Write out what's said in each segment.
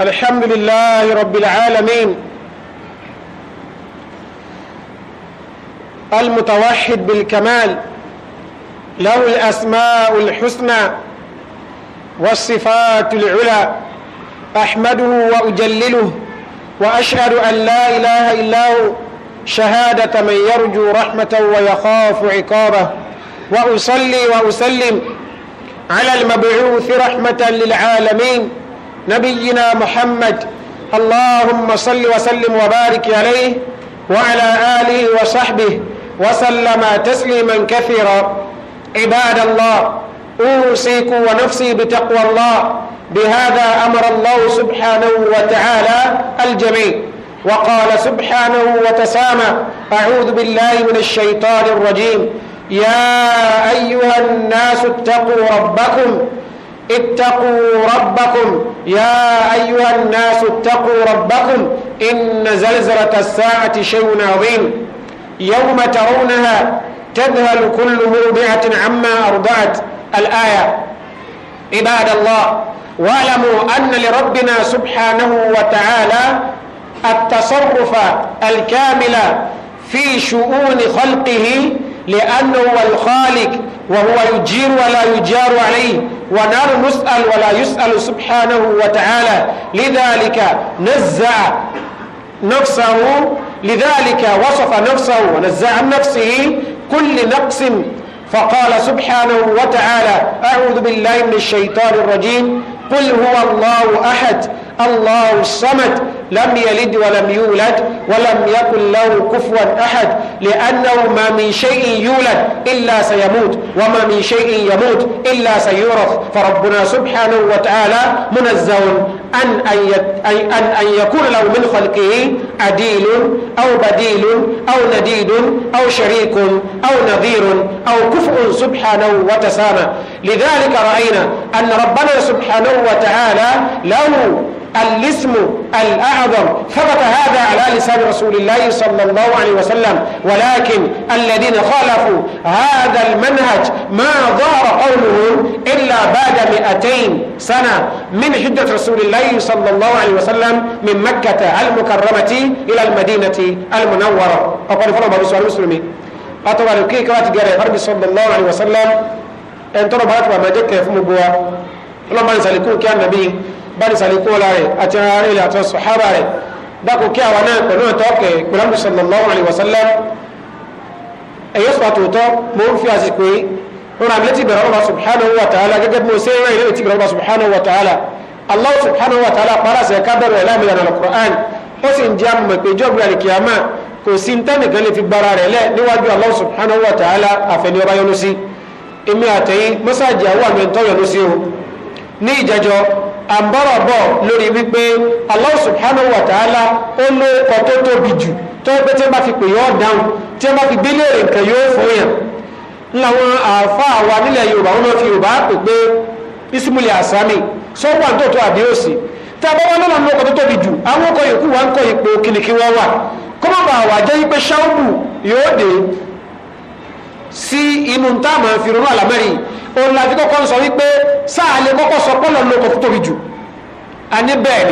الحمد لله رب العالمين المتوحد بالكمال له الأسماء الحسنى والصفات العلى أحمده وأجلله وأشهد أن لا إله إلا هو شهادة من يرجو رحمة ويخاف عقابه وأصلي وأسلم على المبعوث رحمة للعالمين نبينا محمد اللهم صل وسلم وبارك عليه وعلى آله وصحبه وسلم تسليما كثيرا عباد الله أوصيكم ونفسي بتقوى الله بهذا أمر الله سبحانه وتعالى الجميع وقال سبحانه وتسامى أعوذ بالله من الشيطان الرجيم يا أيها الناس اتقوا ربكم اتقوا ربكم يا أيها الناس اتقوا ربكم إن زلزلة الساعة شيء عظيم يوم ترونها تذهل كل مرضعة عما أرضعت الآية عباد الله واعلموا أن لربنا سبحانه وتعالى التصرف الكامل في شؤون خلقه لأنه هو الخالق وهو يجير ولا يجار عليه ونحن نسأل ولا يسأل سبحانه وتعالى لذلك نزع نفسه لذلك وصف نفسه ونزع عن نفسه كل نقص فقال سبحانه وتعالى أعوذ بالله من الشيطان الرجيم قل هو الله أحد الله الصمد لم يلد ولم يولد ولم يكن له كفوا أحد لأنه ما من شيء يولد إلا سيموت وما من شيء يموت إلا سيورث فربنا سبحانه وتعالى منزه أن, أن, أن يكون له من خلقه أديل أو بديل أو نديد أو شريك أو نظير أو كفء سبحانه وتسامى لذلك رأينا أن ربنا سبحانه وتعالى له الاسم الأعلى أعظم ثبت هذا على لسان رسول الله صلى الله عليه وسلم ولكن الذين خالفوا هذا المنهج ما ظهر قولهم إلا بعد مئتين سنة من حدة رسول الله صلى الله عليه وسلم من مكة المكرمة إلى المدينة المنورة أقول فلما بسؤال المسلمين أطبع لكي كرات جاري فربي صلى الله عليه وسلم أن ترى بارك ما جكة فمبوا لما نسألكم كان نبي bari salikun ọlá rẹ̀ àti ara rẹ̀ ilẹ̀ àtọ́ sọ̀hábà rẹ̀ dákò kí àwa náà pẹ̀lú ìtọ́kẹ̀ pẹ̀lú sallallahu alaihi wasallam ẹ̀yọ́ sọ àtòótọ́ mo ń fi àsìkò yìí rọra mi létí ìbẹ̀rẹ̀ ọba subhanahu wa ta'ala gẹ́gẹ́ bí mo ṣe ń rẹ̀ létí ìbẹ̀rẹ̀ ọba subhanahu wa ta'ala allah subhanahu wa ta'ala para sẹ̀ ká bẹ̀rẹ̀ ẹ̀lá ìlànà ọba yọnu sí èmi àtẹ̀yìn mọ́sáàjì àbọ̀rọ̀bọ̀ lórí wípé Allah subhanahu wa ta'ala ó ló ọkọ̀ tó tóbi jù tó pé tí wọ́n bá fi pè yọ́ dáhùn tí wọ́n bá fi gbélé rẹ̀ nǹkan yóò fún yàn láwọn àáfàá wa nílẹ̀ Yorùbá wọn fi Yorùbá pè pé ismuli asami sọ́pọ̀ àtòtò àdéhùsì tí a bá wọn lọ́nà ọkọ̀ tó tóbi jù àwọn ọkọ̀ yòókù wa ń kọ́ ipò kìnìkì wọn wà kọ́mọ̀ bá wà jẹ́ pé ṣáúbù yóò dé sí inú táàmù àfihàn alámẹ́rin òun láti kọ́kọ́ sọ wípé sáà lè kọ́kọ́ sọ pọ́lọ̀ lóko tó tóbi jù àní bẹ́ẹ̀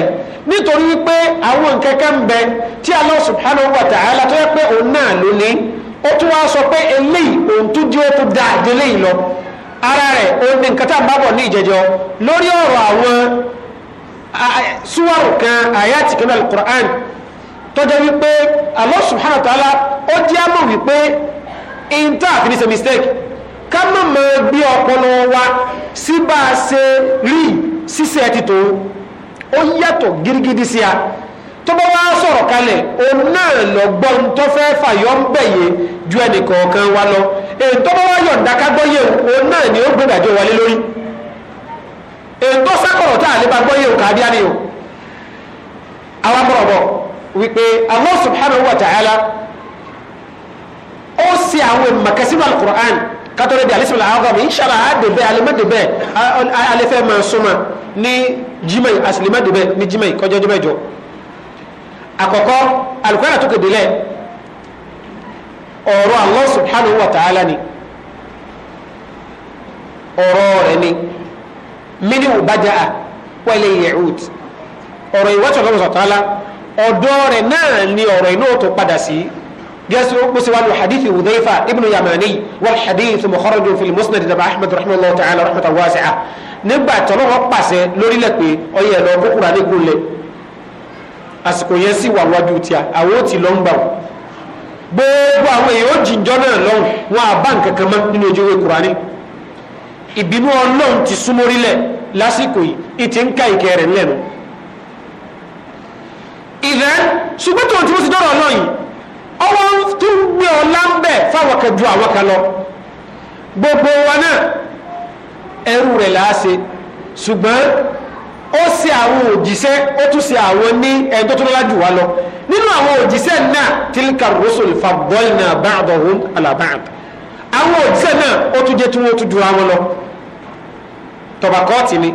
ni nítorí wípé àwọn nǹkan ń bẹ tí Allah subhanahu wa ta'ala tó yẹ pé òun náà ló ní ó tún wá sọ pé eléyìí òun tún di ó tún da àdélé yìí lọ ara rẹ̀ òun ní nǹkan tá a bá bọ̀ ní ìjẹjọ lórí ọ̀rọ̀ àwọn súwárù kan àyàtì kan al-Qur'an tó jẹ́ wípé Allah subhanahu wa ta'ala ó jẹ́ àmọ̀ wípé in tá a fi ní ṣe mistake ká ma máa gbé ọpọlọ wa si ba se ri sise ṣíṣe ti tó ó yàtọ̀ gírígídí sí a tó bá wá sọ̀rọ̀ kalẹ̀ òun náà lọ gbọ ń tó fẹ́ fàyọ́ ń bẹ̀yẹ ju ẹnì kọ̀ọ̀kan wa lọ èyí tó bá wá yọ̀ǹda ká gbọ́yè òun náà ni ó gbẹ̀dàjọ́ lori lórí èyí tó sákọ̀rọ̀ tá a lè bá gbọ́yè òun kàbí àní o àwọn amúrọ̀bọ̀ wípé Allah subhanahu wa ta'ala ó ṣe àwọn ìmọ̀kẹ́sínú al-Qur'an kátólì di alísìmìlà àwọn mi ṣàlà àdèbẹ alẹmọdèbẹ alẹfẹ máa súnmọ́ ní jimai asìlẹmọdèbẹ ní jimai kọjọ jimá ìjọ àkọ́kọ́ alukóra tó kéde lẹ ọ̀rọ̀ Allah subhanahu wa ta'ala ni ọ̀rọ̀ rẹ̀ ni mini ubadaa wọlé yehud ọ̀rọ̀ ìwọtí ọlọmọ sọtàlá ọ̀dọ̀ rẹ̀ náà ni ọ̀rọ̀ inú tó padà sí جاس مسوان حديث حذيفة ابن يماني والحديث مخرج في المسند تبع أحمد رحمه الله تعالى رحمة واسعة نبع تلوه بس لوري لكي أو يلو بقرة نقول لي àsìkò yẹn sì wà wájú tí a àwọn ò tí lọ ń bà wọn gbogbo àwọn èèyàn jíjọ náà lọ́hùn wọn à bá nǹkan kan mọ́ nínú ojú ewé kùránì ìbínú ọlọ́run ti súnmórílẹ̀ lásìkò yìí ìtì ń ká ìkẹ́ rẹ̀ ńlẹ̀ nu ìlẹ́ ṣùgbọ́n tó wọ́n ti dọ́rọ̀ ọlọ́run ọwọ́ tó wí ọ̀la ń bẹ̀ fáwọn kan ju àwọn kan lọ gbogbo wa náà ẹrú rẹ̀ láàṣẹ ṣùgbọ́n ó ṣe àwọn òjíṣẹ́ ó tún ṣe àwọn ní ẹjọ́ tó lọ́lá jù wá lọ nínú àwọn òjíṣẹ́ náà tilka rusul faddalna ba'dahum ala ba'd àwọn òjíṣẹ́ náà ó tún jẹ́ tí wọ́n tún ju àwọn lọ tọba kọ́ọ̀tì ni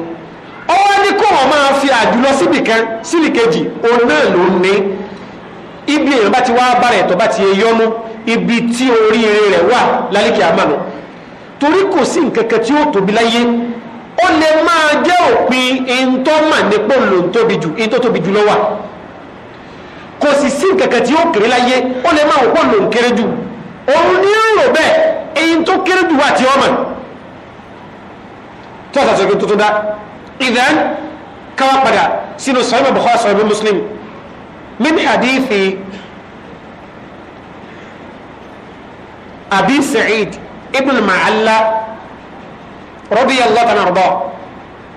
ọwọ́ ní kó wọ́n máa fi àjùlọ síbìkan sílìkejì òun náà ló ní ibi èèyàn bá ti wá bára ẹ̀tọ́ bá ti yọnu ibi tí oríire rẹ̀ wà lálẹ́kì àmàlù torí kò sí nǹkan kan tí ó tóbi láyé ó lè máa jẹ́ òpin ìntọ́ mà nípò ló ń tóbi jù ìntọ́ tóbi jù lọ́wà kò sì sí nǹkan tí ó kéré láyé ó lè máa òpó ló kéré jù òun ní rò bẹ́ẹ̀ èyí tó kéré jù wà tí ọmọ tí ọ̀sán sọ̀rọ̀ tó dá ìdán káwá padà sínú sọ̀rọ̀ bọ̀kọ́ sọ̀rọ̀ Muslim min hadithi abi sa'id ibn ma'alla radiyallahu ta'ala arda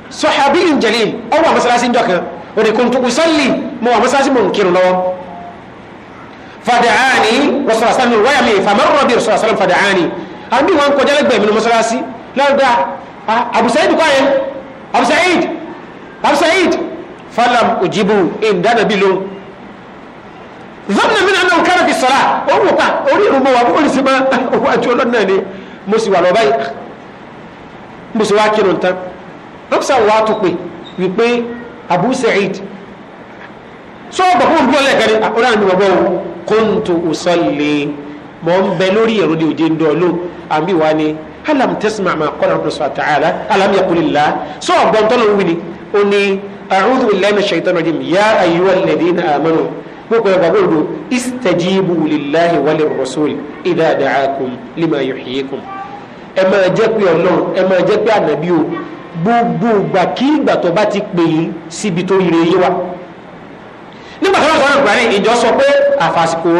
sahabi jalil ó wà masalasi ndoka ó ní kuntu usalli mo wà masalasi mo nkiru lọ́wọ́ fada'ani rasul sallallahu wa yami famarra bi rasul sallallahu fada'ani abi wan ko jale gbe mi masalasi lawda abu sa'id ko ayen abu sa'id abu sa'id falam ujibu indana bilun zanna mi nàá kára fi sọ̀rọ̀ ó wò pa orí ìrùbọ̀ wà bóyá sì máa wà tí ọlọ́run náà ni mo sì wà lọ báyìí mo sì wá kírun tán dókítà wà á tó pé wípé Abu Sa'id sọ́ọ̀bọ̀ fún òbí ọlẹ́ẹ̀kan ni ọ̀rẹ́ àmì ọ̀bọ̀ o kuntu usalli mọ̀ ń bẹ lórí ẹ̀rọ ní òde ń dọ̀ ló àmì wa ni alam tasma ma qala rabbuna ta'ala alam yaqulillah sọ́ọ̀bọ̀ ń tọ́lọ̀ wí ni ó ní a'udhu billahi minash shaitanir rajim ya ayyuhalladhina amanu gbogbo ẹ̀gbà gbogbo istajibu lillahi wa lirrasul idha da'akum lima yuhyikum ẹ máa jẹ́ pé ọlọ́run ẹ máa jẹ́ pé ànábì o gbogbo ìgbà kí ìgbà tó bá ti pè yín síbi tó yire yé wa nígbà tó bá sọ ọ̀rọ̀ ìjọ sọ pé àfàsìkò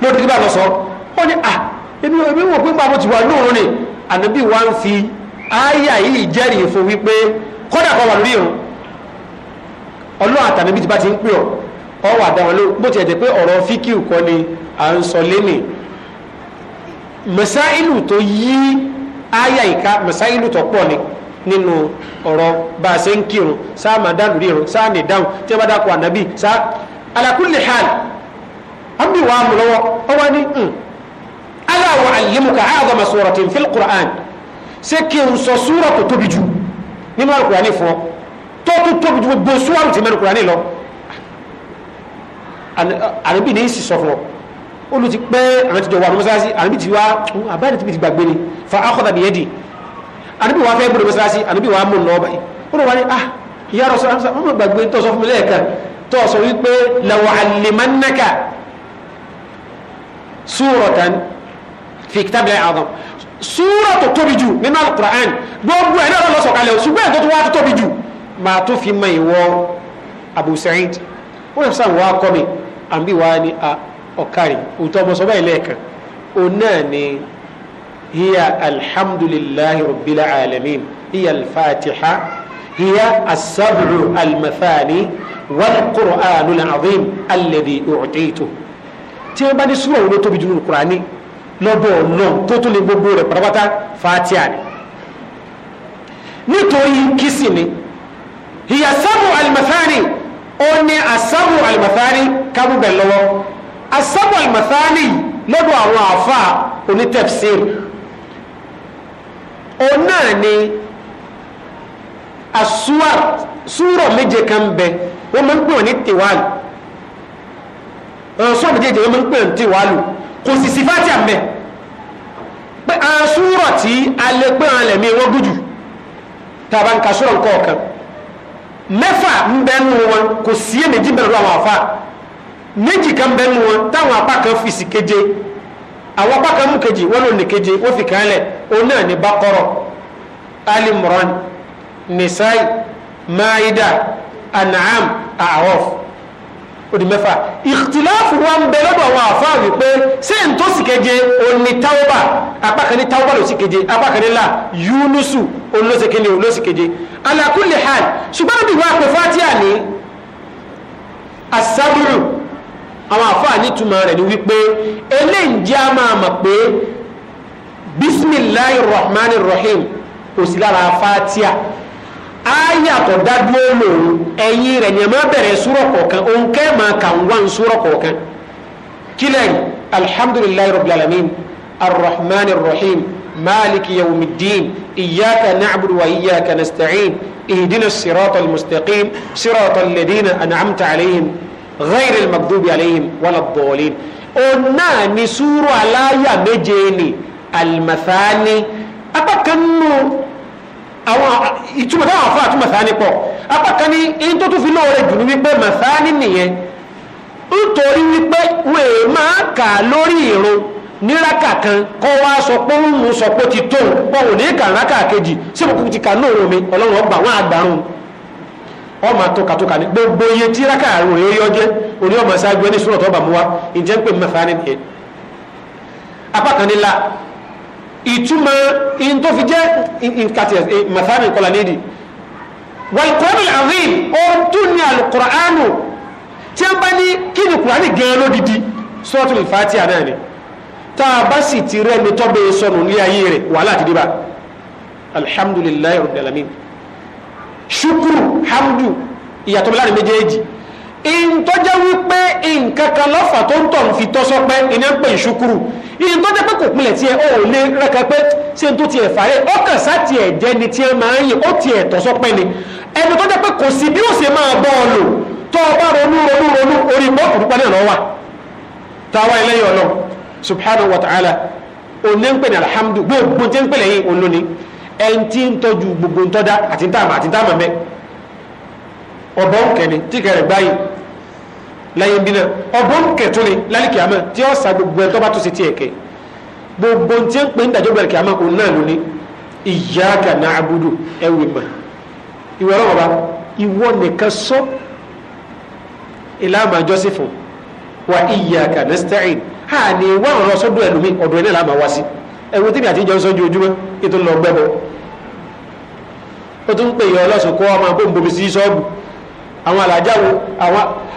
mo dìgbà lọ sọ ó ní à ah, èmi wò pé pàbó ti wà lóòrùn ni ànábì wa ń fi ááyà yìí jẹ́rìí fún wípé kódà kan wà lórí ìrùn ọlọ́run àtànábì ti bá ti ń pè ọ́ ọ wà dá wọn ló bó ti ẹ̀jẹ̀ pé ọ̀rọ̀ fíkìú kọ́ ni à ń sọ lénì mẹsáìlù tó yí àyà ìka mẹsáìlù tó pọ̀ ni nínú ọ̀rọ̀ bá a ṣe ń kírun sáà máa dá lórí irun ní dáhùn tí wọ́n bá dákọ̀ ànábì sáà ala kulli hal wàá mú lọ́wọ́ ọ wá ní hmm, ala u'allimuka a'zama suratin fil Qur'an ṣé kí n sọ súrà tó tóbi jù nínú al fún ọ tó tó tóbi jù gbogbo súrà tó ti mẹ́nu lọ. Uh, àrẹ́bì ní ìsì sọ fún ọ olú ti pẹ́ àwọn ti jọ wà ní mọ́sálásí àrẹ́bì ti wá àbáyé ti ti gbàgbé ni fa akọ́ta bìyẹ́ di àrẹ́bì wá fẹ́ gbọ́dọ̀ mọ́sálásí àrẹ́bì wá mú un lọ́ọ́ báyìí ó lọ wá ní ah ìyá rọ sọ ọmọ gbàgbé tó sọ fún mi lẹ́ẹ̀kan tó sọ wípé làwọn àlèmánnákà súrọ̀tàn fi kitabil azam súrọ̀ tó tóbi jù nínú àbí wàá ní a ọ̀kárì òótọ́ ọmọ sọ́bà ẹlẹ́ẹ̀kan òun náà ni hiya alhamdulillahi rabbil alamin hiya alfatiha hiya asabru almathani wal qur'anu alazim alladhi u'titu tí wọ́n bá ní súnmọ́ òun ló tóbi jùlọ kúránì lọ́bọ̀ náà tó tún lè gbogbo rẹ̀ pátápátá fatiha ni nítorí kìsì ni hiya sabu almathani ó ní asabu alimathani kábùbẹ̀ lọ́wọ́ asabu alimathani lọ́dọ̀ àwọn àfa onítẹ̀fsir òun náà ni asuwa súrọ̀ méje kan bẹ wọ́n máa ń pè wọ́n ní tiwaalu ọ̀rọ̀ súrọ̀ méjèèjì wọ́n máa ń pè wọ́n ní tiwaalu kò sì sí fátì àmẹ́ pé asúrọ̀ tí alẹ́ pé àwọn ẹlẹ́mí wọ́n gùjù tàbá ń ka nǹkan ọ̀kan mẹ́fà ń bẹ nù wọn kò sí èméjì bẹ̀rẹ̀ lọ́wọ́ àfa méjì kan bẹ nù wọn táwọn apá kan fi sí keje keje wọn lò ne keje wọn fi kan lẹ òun náà ní alimran nisai maida anam aof. odi mẹ́fà ìtìláàfù wa ń bẹ lọ́dọ̀ àwọn àfáà wípé ṣé n tó sì keje òní táwọ́bà apákaní táwọ́bà ló sì keje apákaní là yúnúsù olóṣèkéni olóṣèkéje ala kulli hal ṣùgbọ́n níbi ìwé àpò fatia ní asábúrú àwọn àfáà nítumọ̀ rẹ̀ ni wípé eléǹjẹ́ a máa mọ̀ pé bismillahir rahmanir rahim kò sí lára fatia aya tó dádúró lòun ẹ̀yìn rẹ̀ ni ẹ̀ máa bẹ̀rẹ̀ súrọ̀ kọ̀ọ̀kan òun kẹ́ máa kà ń wá ń súrọ̀ kọ̀ọ̀kan kílẹ̀ alhamdulilayi rabbil alamin arrahman arrahim maliki yawmiddin iyyaka na'budu wa iyyaka nasta'in ihdina sirata almustaqim sirata alladhina an'amta alayhim ghayr almaghdubi alayhim wala ad-dallin náà ni súrọ̀ aláyà méje ni almathani apá kan nù àwọn ìtumọ̀ táwọn afọ àtúmọ̀ sáni pọ̀ apá kan ní èyí tó tún fi lóore jù ní wípé màsáni nìyẹn nítorí wípé wọn èè máa kà lórí ìrun níraka kan kọ́ wá sọ pé ń mú sọ pé ti tó wọn ò ní kà ráka kejì sí mo kúkú ti kà lóòrò mi ọlọ́run ọgbà wọn àgbàrún ọmọ àtọkàtọkà ní gbogbo iye tí ráka àrùn rẹ yọ jẹ oní ọmọ ṣáájú ẹni sùúrọ̀ tó bàmú wa ìjẹ́ ń pè mẹ́fà ní apá kan la ìtumọ̀ in tó fi jẹ́ ìkàtì mẹ́tàmì kọlà nídi wàlùkọ́rì àrín ó tún ní alùkùránù tí a bá ní kí ni kùránì gẹ̀ẹ́ lódìdí sọ́tùlù fàtíà náà ni tá a bá sì ti rẹ́ ní tọ́bẹ̀ sọnù ní ayé rẹ̀ wàhálà ti dìbà alhamdulillahi rabbil in tó jẹ́ wípé nǹkan kan lọ́fà tó ń tọ̀ ń fi tọ́ sọ́pẹ́ iná ń pè ṣukuru in tó jẹ́ pé kò pinlẹ̀ tiẹ̀ ó lé rẹ́kẹ́ pé ṣé n tó tiẹ̀ fàárẹ̀ ó kàn sá tiẹ̀ jẹ́ ni tiẹ̀ máa ń yẹ ó tiẹ̀ tọ́ sọ́pẹ́ ni ẹni tó jẹ́ pé kò sí bí ó ṣe máa bọ́ ọ tó o bá ronú ronú ronú orí bọ́ọ̀kù púpọ̀ náà lọ́wọ́ táwa ẹlẹ́yìn ọlọ subhanahu wa ta'ala òní ń pè ní alhamdu gbogbo tí ń pè lẹ́yìn olóni ẹni tí ń tọ́jú gbogbo ń tọ́da àti ń tààmà àti ń tààmà mẹ́ ọ̀bọ̀n kẹ́ni tí kẹrẹ̀ gbáyìí láyé bí náà ọgbọ́n kẹtún ni lálìkì tí ó sa gbogbo ẹ̀ tó bá tó sí tiẹ̀ kẹ́ gbogbo tí ó ń pè ń dàjọ́ gbẹ̀rẹ̀ ewu àmọ́ òun náà ló ní iyyaka na ẹ̀wì mọ̀ ìwọ ọlọ́wọ́ bá ìwọ nìkan sọ ìlànà àjọsí fún ha ni làmà wá sí tí mi àti ètò lọ ó tún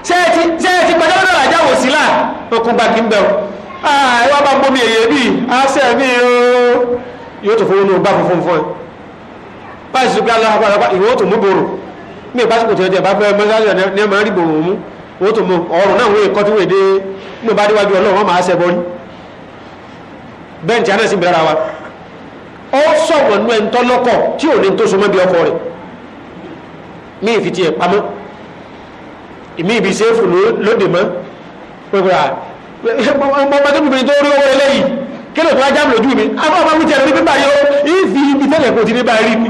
sẹ́ẹ̀tì pàjáwìrì ọ̀làjà wò sí là okùn bá kí n bẹ̀rù ẹ wá bá gbómi èyí bí àṣẹ mi ooo yóò tó fowó ní ọgbà funfun fún ẹ báyìí sùn gbà lọ́wọ́ àpárá ìwé ó tó mú bòrò mi ìbáṣepọ̀ tó yẹ jẹ́ bá fẹ́ mọ́ṣáláṣí ní ẹ máa rí bòrò mú ó tó mú ọrùn náà wọ́n kọ́ tí wọ́n èdè mi bá déwájú ọlọ́run wọn máa ṣẹ bọ́rí bẹ́ẹ̀ tí a náà sì bẹ̀rẹ̀ wa ó sọ̀wọ́n nú ẹ̀ ń tọ́lọ́kọ̀ tí ò ní tó so mọ́ bí ọkọ rẹ̀ mi ìmí ibi sẹ́fù lóde mọ́ pẹ̀lú ọmọdébìnrin tó rí owó eléyìí kí ló tó ajá mi lójú mi àwọn ọmọ mi tẹ̀lé ní pípa yóò ìfi ibi tẹ́lẹ̀ kò ti ní bá rí ni.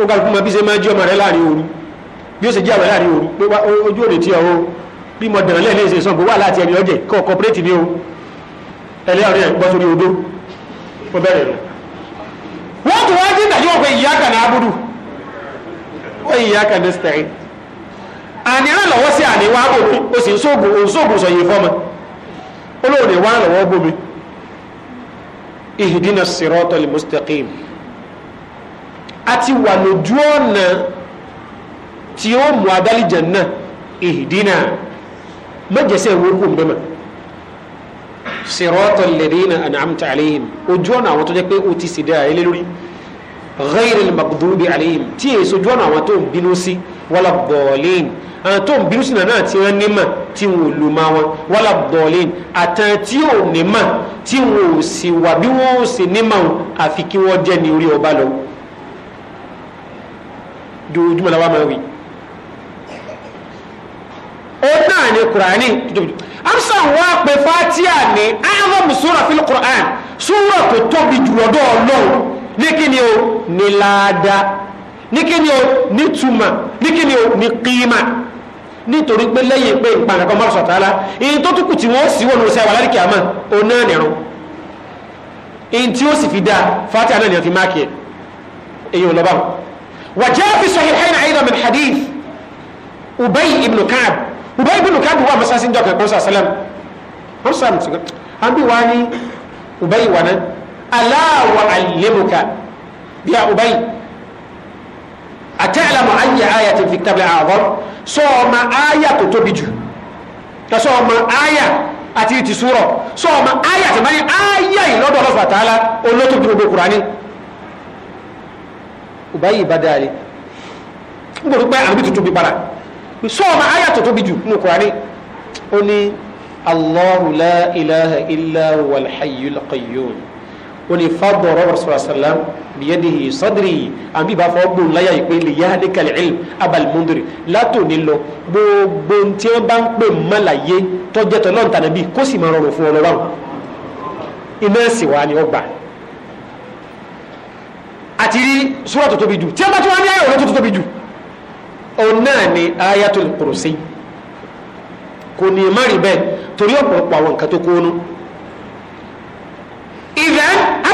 ó ga kúmọ bí ṣe máa jí ọmọ rẹ láàrin òru bí ó ṣe jí àwọn láàrin òru pé ojú òde tí ọwọ́ bí mo dàn lẹ́ẹ̀lẹ́ ṣe sàn bó wà láti ẹni ọjẹ́ kọ́ kọ́pẹ́rẹ́tì ni o ẹlẹ́ ọ̀rẹ́ ẹ̀ gbọ́ sórí odó ó bẹ̀rẹ̀ rẹ̀ wọ́n tún wá dín ìdájọ́ pé ìyá kàn ní abúdù wa iyyaka nasta'in àníra lọ́wọ́ sí àníwá bòmí o sì ń sóògùn o ń sóògùn sọ̀yìn fọ́mọ olóòrè wá lọ́wọ́ bòmí ihdina siratal mustaqim a ti wà lójú ọ̀nà tí ó mú adálìjẹ̀ náà ihdina mẹ́jẹsẹ̀ ìwókù mbẹ́mà siratal ladina an'amta alayhim ojú ọ̀nà àwọn tó jẹ́ pé o ti sì dá ayé lórí ghayril maghdubi alayhim tí èso ojú ọ̀nà àwọn tó ń bínú sí wala ddallin àwọn tó ń bínú sí nàná tí wọ́n nímọ̀ tí wọ́n lò má wọn wala ddallin àtàn tí ò nímọ̀ tí wọ́n ò sì wà bí wọ́n ò sì nímọ̀ àfi kí wọ́n jẹ́ ní orí ọba lọ. dojúmọ̀ làwọn máa wí òun náà ni kùránì amsan wá pé fatia ní a'zam sura fil qur'an sura tó tóbi jùlọ dọ́ ọlọ́run ní kíni o ní láadáa ní kíni o ní túmọ̀ ní kíni o ní kíímà nítorí pé lẹ́yìn pé ìpànàkọ́ mọ́rọ̀ sọ̀tàlá èyí tó túkù tí wọ́n sì wọ́n sẹ́wà láríkì àmà oná nìrún èyí tí ó sì fi dáa fátí àná nìyàn fi máàkì ẹ̀ èyí ò lọ́bàá wà jẹ́ fi sahihayn àìdọ̀ min hadith Ubay ibn Ka'b Ubay ibn Ka'b wà mọ́sánsí jọ kọ́sà sálẹ̀m wọ́n sàmì àbí wà ní Ubay wà náà ألا وأعلمك يا أبي أتعلم أي آية في كتاب الأعظم صوم آية تبجو تصوم آية àti ti súrọ̀ sọ ọmọ ayé àti mẹ́rin ayé ìlọ́dọ̀ ọlọ́sùn àtàlá olótòbí gbogbo kùránì ìbáyìí bá dáa rí nígbàtí pé àbí tuntun bí para sọ ọmọ ayé àtọ̀tọ̀ bí jù nínú kùránì ó ní Allahu la ilaha illa huwal hayyul qayyum oni fadọrọ rasulillah biyadihi sadiri an bí b'a fọ gbọn laya yi pé le yahadi kali ilm abali mundiri lato ni lọ gbogbo tiɲɛ b'an pè mala ye tọjẹtọ lọn tana bi kó sima rọrùn fún ọlọwà iná sì wà ní ọgbà àti rí sura tó tóbi jù tiɲɛ bá tó wà ní ayé wòlò tó tóbi jù ọ náà ni ayatul kursi kò ní má rí bẹ́ẹ̀ torí ọ̀pọ̀lọpọ̀ àwọn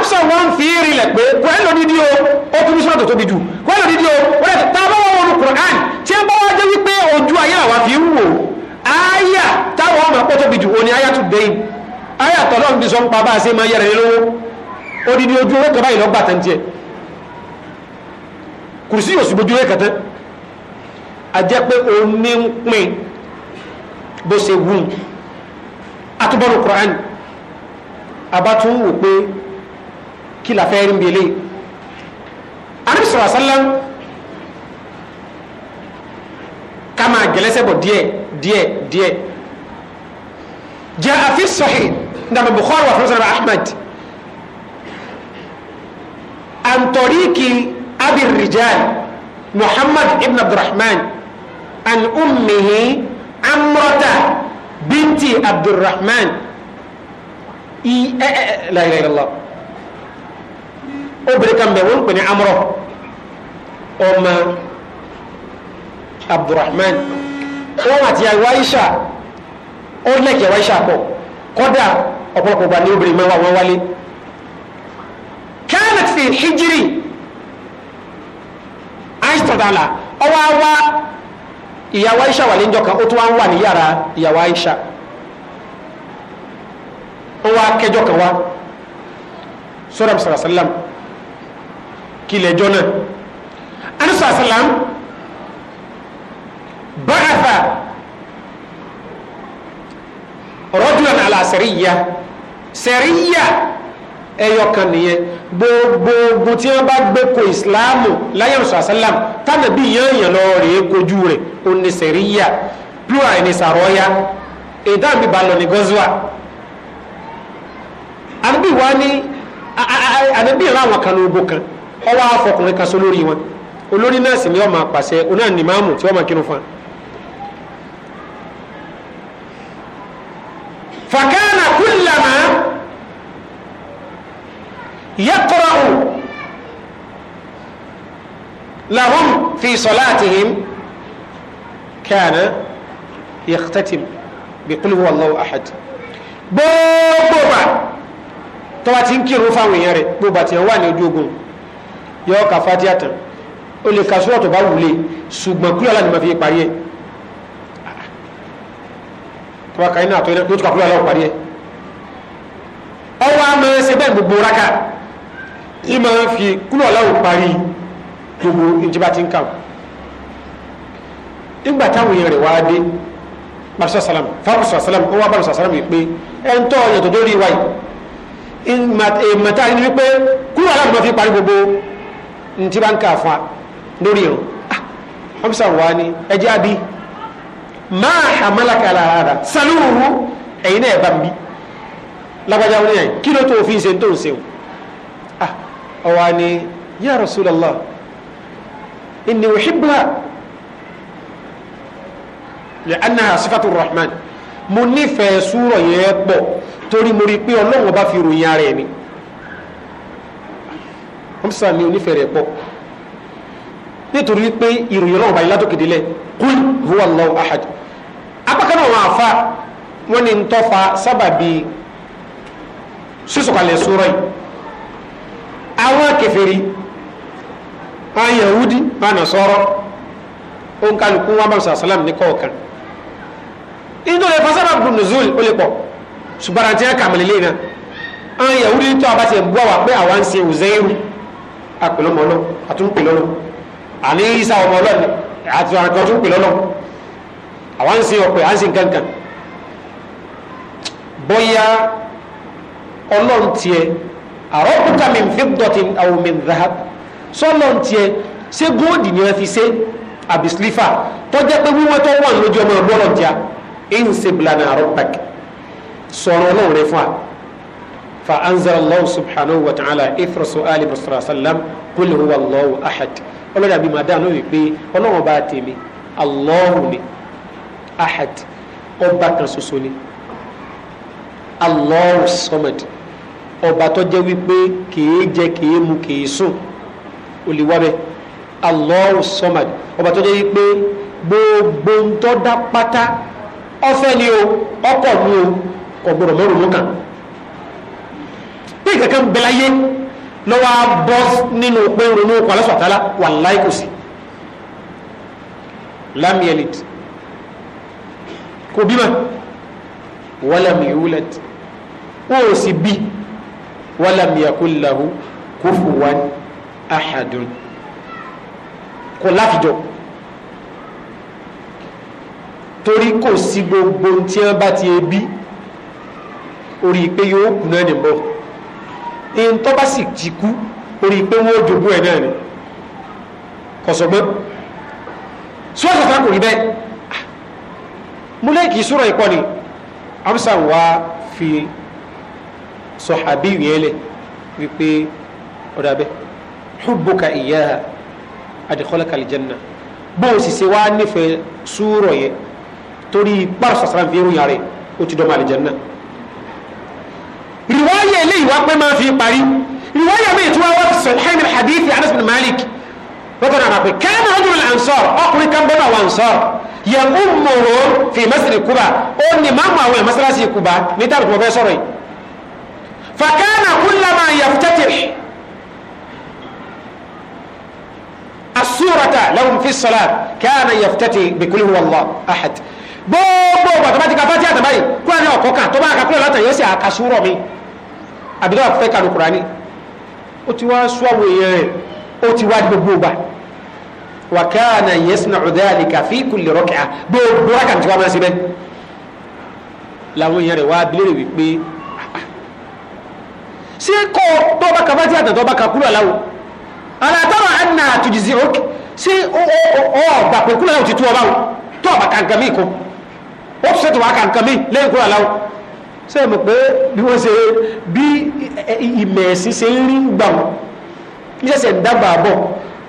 Hafsa wọ́n ń fi rinlẹ̀ pé kùrán ló dídí o ó tún bísí mọ́tò tóbi jù kùrán ló dídí o wọ́n yàtọ̀ tá a bá wọ́n wọnú kùrán tí ń bá wá jẹ́ wípé ojú ayé àwa fi ń wò áyà táwọn ọmọ pọ́ tóbi jù òní áyà tún bẹ́yìn áyà tọ́lọ́ ń bí sọ ń pa bá a ṣe máa yẹrẹ lówó odidi ojú owó kan báyìí lọ́gbà tán tiẹ̀ kùrùsí yóò sì bójú kẹtẹ́ a jẹ́ pé omi ń pin bó ṣe wù àtúbọ̀rù kùrán abatún wò pé kí la fẹ́ rí ń belé anabi sọ̀rọ̀ asálàm ká máa gẹlẹ́sẹ̀ bọ̀ díẹ̀ díẹ̀ díẹ̀ jẹ́ àfi sahih ndàmà bukhari wà fún sọ̀rọ̀ ahmed antoriki abi rijal muhammad ibn abdulrahman an ummihi amrata binti abdulrahman لا إله إلا الله obìnrin kan bẹ̀ wọ́n ń pè ní amúrọ̀ ọmọ abdulrahman wọn àti àìwá aisha ó lẹ́kẹ̀ẹ́ wá aisha pọ̀ kọ́dà ọ̀pọ̀lọpọ̀ gbà ní obìnrin máa wà wọ́n wálé kánàt fi hijiri aishtadala ọwọ́ wá ìyàwó aisha wà lẹ́njọ́ kan ó tún wá ń wà ní yàrá ìyàwó aisha ó wá kẹjọ kan wá sọ́dọ̀ sàràsàlám kílẹ̀ ẹjọ́ náà anisa salam ba'atha rajulan ala sariya sariya ẹyọkan nìyẹn gbogbogbò tí wọn bá gbé ko ìsìláàmù láyé ọsàn asálàm tánàbí yẹn yẹn lọ rèé kojú rẹ̀ òní sẹríyà pure ẹni sàrọyà èdè àmì balọ ní gọzúà àdébí wa ní àdébí ìran àwọn kan ní ogbó kan ọwọ́ afọkùnrin kan so lórí wọn olórí náà ni ó máa pàṣẹ onáà ní tí ó máa kírun fún un. فكان كلما يقرأ لهم في صلاتهم كان يختتم بقل هو الله أحد بوبا tó bá ti ń kírun fáwọn èèyàn rẹ̀ bó bá ti wà ní ojú ogun yọ ká fatia tán ó lè ka sọ́ọ̀tọ̀ bá wulẹ̀ ṣùgbọ́n kúrò aláàdì máa fi parí ẹ̀ tó bá kàyín náà tó yẹ kó tó kà kúrò aláàdì parí ẹ̀ ọwọ́ àmọ́ ẹsẹ̀ bẹ́ẹ̀ gbogbo raka yìí máa fi kúrò aláàdì parí gbogbo ìjìbá ti ń kà nígbà táwọn èèyàn rẹ̀ wá dé barisa salam fabusa salam ó wá barisa salam yìí pé ẹ̀ ń tọ́ ọ̀yàn tó dórí wáyé màtá yìí ni wípé kúrò aláàdì máa fi parí gbogbo ntí bá ń kà fún wa lórí irun hamsa ah, wa ni ẹjẹ abi máa hamalaka ala hada saluhu ẹyin náà ẹ bá ń bí lágbájá wọn yẹn kí ló tó òfin ṣe tó ń ṣe o ah ọwọ ni ya rasulallah inni uhibbuha lẹ́nà sífàtò rahman mo nífẹ̀ẹ́ súrọ̀ yẹn pọ̀ torí mo rí i pé ọlọ́run ọba fi ròyìn ara ẹ̀ mi hamsa mi ò nífẹ̀ẹ́ rẹ̀ pọ̀ nítorí pé ìròyìn ọlọ́run báyìí látòkè délẹ̀ kúl huwa allahu ahad apákan àwọn àfa wọn ni ń tọ́fa sábàbí sísọ̀kalẹ̀ sórọ̀ yìí àwọn kèfèrí àwọn yahudi àwọn nasọ́rọ̀ ó ń kálukú wọn bá sàlám ní kọ̀ọ̀kan nítorí fasara nuzul ó lè pọ̀ ṣùgbọ́n àti ẹ̀ka àmàlélẹ́yìn náà àwọn yahudi tó abá ti ẹ̀ bú pé àwa ń ṣe òzẹ́rù àpèlọ́mọ ọlọ́ àtúnpè lọ́lọ́ àní isa ọmọ ọlọ́ni àti àrùn àtúnpè lọ́lọ́ àwọn ń sin ọ̀pẹ à ń sin kankan bóyá ọlọ́run tiẹ̀ àrọ́kúta mi fi dọ̀tí àwọn mi dáhà sọlọ́run tiẹ̀ ṣé góòdì ni wọ́n fi ṣe àbí sílífà tó jẹ́ pé wíwọ́ tó wà lójú ọmọ ọgbọ́n ọ̀jà ń ṣe bilana sọ̀rọ̀ ọlọ́run rẹ fún wa. فأنزل الله سبحانه وتعالى إثر سؤال الرسول صلى الله عليه وسلم قل هو الله أحد ọlọ́dà bíi màdánù wípé ọlọ́run ọba tèmi Allahu ni ahad ọba kan ṣoṣo ni Allahu samad ọba tó jẹ́ wípé kèé jẹ kèé mu kèé sùn olùwàbẹ Allahu samad ọba tó jẹ́ wípé gbogbo ntọ́dá pátá ọfẹ́ ni o ọkọ̀ ni o kò gbọdọ̀ mọ́rùn-ún kan sẹ́ni kankan bẹ̀rẹ̀ ayé lọ́wọ́ bọ́ nínú pé ronú pàlọ́sọ̀tálá wàláhì kò sí lam yalid kò bímọ walam yulad ó sì bí walam yakul lahu kufuwan ahadun kò láfijọ́ torí kò sí gbogbo tí wọ́n bá ti ebi orí pé yóò kùnà nìbọn in tó bá sì ti kú orí pé wọ́n jogún ẹ̀ náà ni kọ̀sọ̀gbọ́n sọ́ọ̀sọ̀ kan kò rí bẹ́ẹ̀ múlẹ́ẹ̀kì sọ̀rọ̀ ìkọ́ ni amsa wa fi sọ̀hábí yẹn lẹ̀ wípé ọ̀dà bẹ́ẹ̀ hubbuka iyyaha adkhalaka aljanna bó sì ṣe wá nífẹ̀ẹ́ sùúrọ̀ yẹn torí pàrọ̀ sàṣàrà fi ń rún yàrá ó ti dọ́mọ àlìjẹ́nà náà riwaya ilé ìwà pé máa fi parí riwaya mi ìtura wà fi sahih al-hadith anas bin malik lọ́tọ̀ náà pé kana rajul ansar ọkùnrin kan bẹ́ẹ̀ àwọn ansar yẹ kó mòrò fi masiri kuba ó ní máa mú àwọn masalasi kuba ní tàbí tó bẹ́ẹ̀ sọ̀rọ̀ yìí fa kana kullama yaftatih السورة لهم في الصلاة كان يفتتي بكل هو الله أحد بو بو بو تباتي كفاتي هذا باي كوانا وكوكا تبا كفلو لاتا يسي أكا سورة مي àbídọ́ àfẹ́ kanu kùránì ó ti wá sọ àwọn èèyàn rẹ̀ ó ti wá gbogbo gbà wà káàna yasna'u dhalika fi kulli rak'a gbogbo rákà tí wọ́n máa ṣe bẹ́ẹ̀ làwọn èèyàn rẹ̀ wá abilérè wípé ah, ah, ṣé kọ́ tọ́ba kaba tí àtàtọ́ bá kakúrò aláwọ̀ alátọ́rọ̀ àná àtújìzì òkè ṣé ọ̀ọ́gbà pé kúrò aláwọ̀ ti tú ọba o tọ́ọ̀bà kàǹkàmí kọ́ ó tún ṣètò wá kàǹkàmí lẹ́yìn kúrò aláwọ̀ ṣe mọ̀ pé bí wọ́n ṣe bí ìmẹ̀ ẹ̀sìn ṣe ń rí gbà wọn ìṣẹ̀ṣẹ̀ ń dábàá bọ̀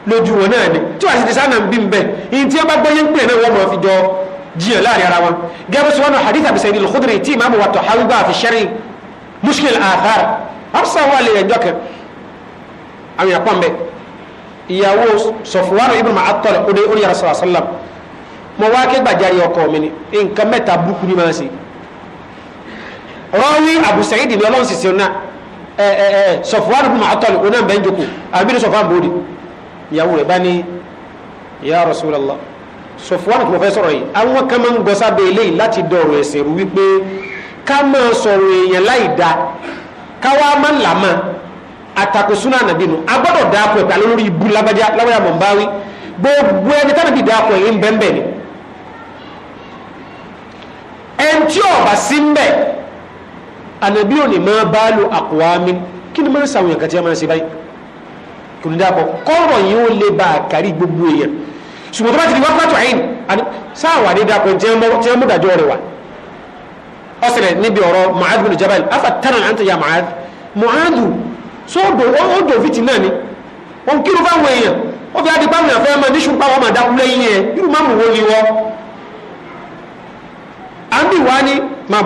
lójú wọn náà ni tí wàá sì ti sáà náà ń bí bẹ́ẹ̀ ìyí tí wọ́n bá gbọ́ yẹn pè náà wọ́n mọ̀ fi jọ jiyàn láàrin ara wọn gẹ́gẹ́ sọ wọn hadith Abi Sa'id al-Khudri tí ìmáàmù wa Tahawi bá fi sharh Mushkil al-Athar absa wà lè ẹjọ́ kan àwọn èèyàn pọ̀n bẹ́ẹ̀ ìyàwó Safwan ibn Mu'attal ọdẹ orí yàrá sallam mo wá ké gbàjarì ọkọ mi ni nǹkan mẹ́ta burúkú ni máa ń ṣe rọ́wí àbùsẹ̀yìdì ni ọlọ́run sìsẹ́ náà sọ̀fọ́wọ́n kùmà àtọ́lù oná bẹ́ẹ̀ jókòó àbínú sọ̀fọ́n bòódì ìyàwó rẹ̀ bá ní ya Rasulullah sọ̀fọ́wọ́n kùmà fẹ́ sọ̀rọ̀ yìí àwọn kan máa ń gbọ́ sábẹ́ eléyìí láti dọ̀rọ̀ ẹ̀sìn rú wípé ká máa sọ̀rọ̀ èèyàn láì da káwá máa ń là máa àtakò tí ọ̀bà sí ń bẹ́ẹ̀ ànàbí ò ní máa bá lo àkùwámi kí ni máa ń sàwọn èèyàn kan tí a máa ń ṣe báyìí kò ní dàpọ̀ kọ́rọ̀ yìí ó lè bá a kárí gbogbo èèyàn ṣùgbọ́n tó bá ti di wákàtí àyìn sáàwà ní dàpọ̀ tí mú dàjọ́ rẹ̀ wá ọ̀sẹ̀rẹ̀ níbi ọ̀rọ̀ Mu'adh bin Jabal afa tánà àǹtà ya Mu'adh Mu'adh sódò ó dò fìtì náà ni òun kí ló fáwọn èèyàn ó fi adìpá mi àfẹ́ máa níṣù pàwọ́ máa dákú lẹ́yìn ẹ̀ irú máa wo ni wọ́ àǹdí wa ni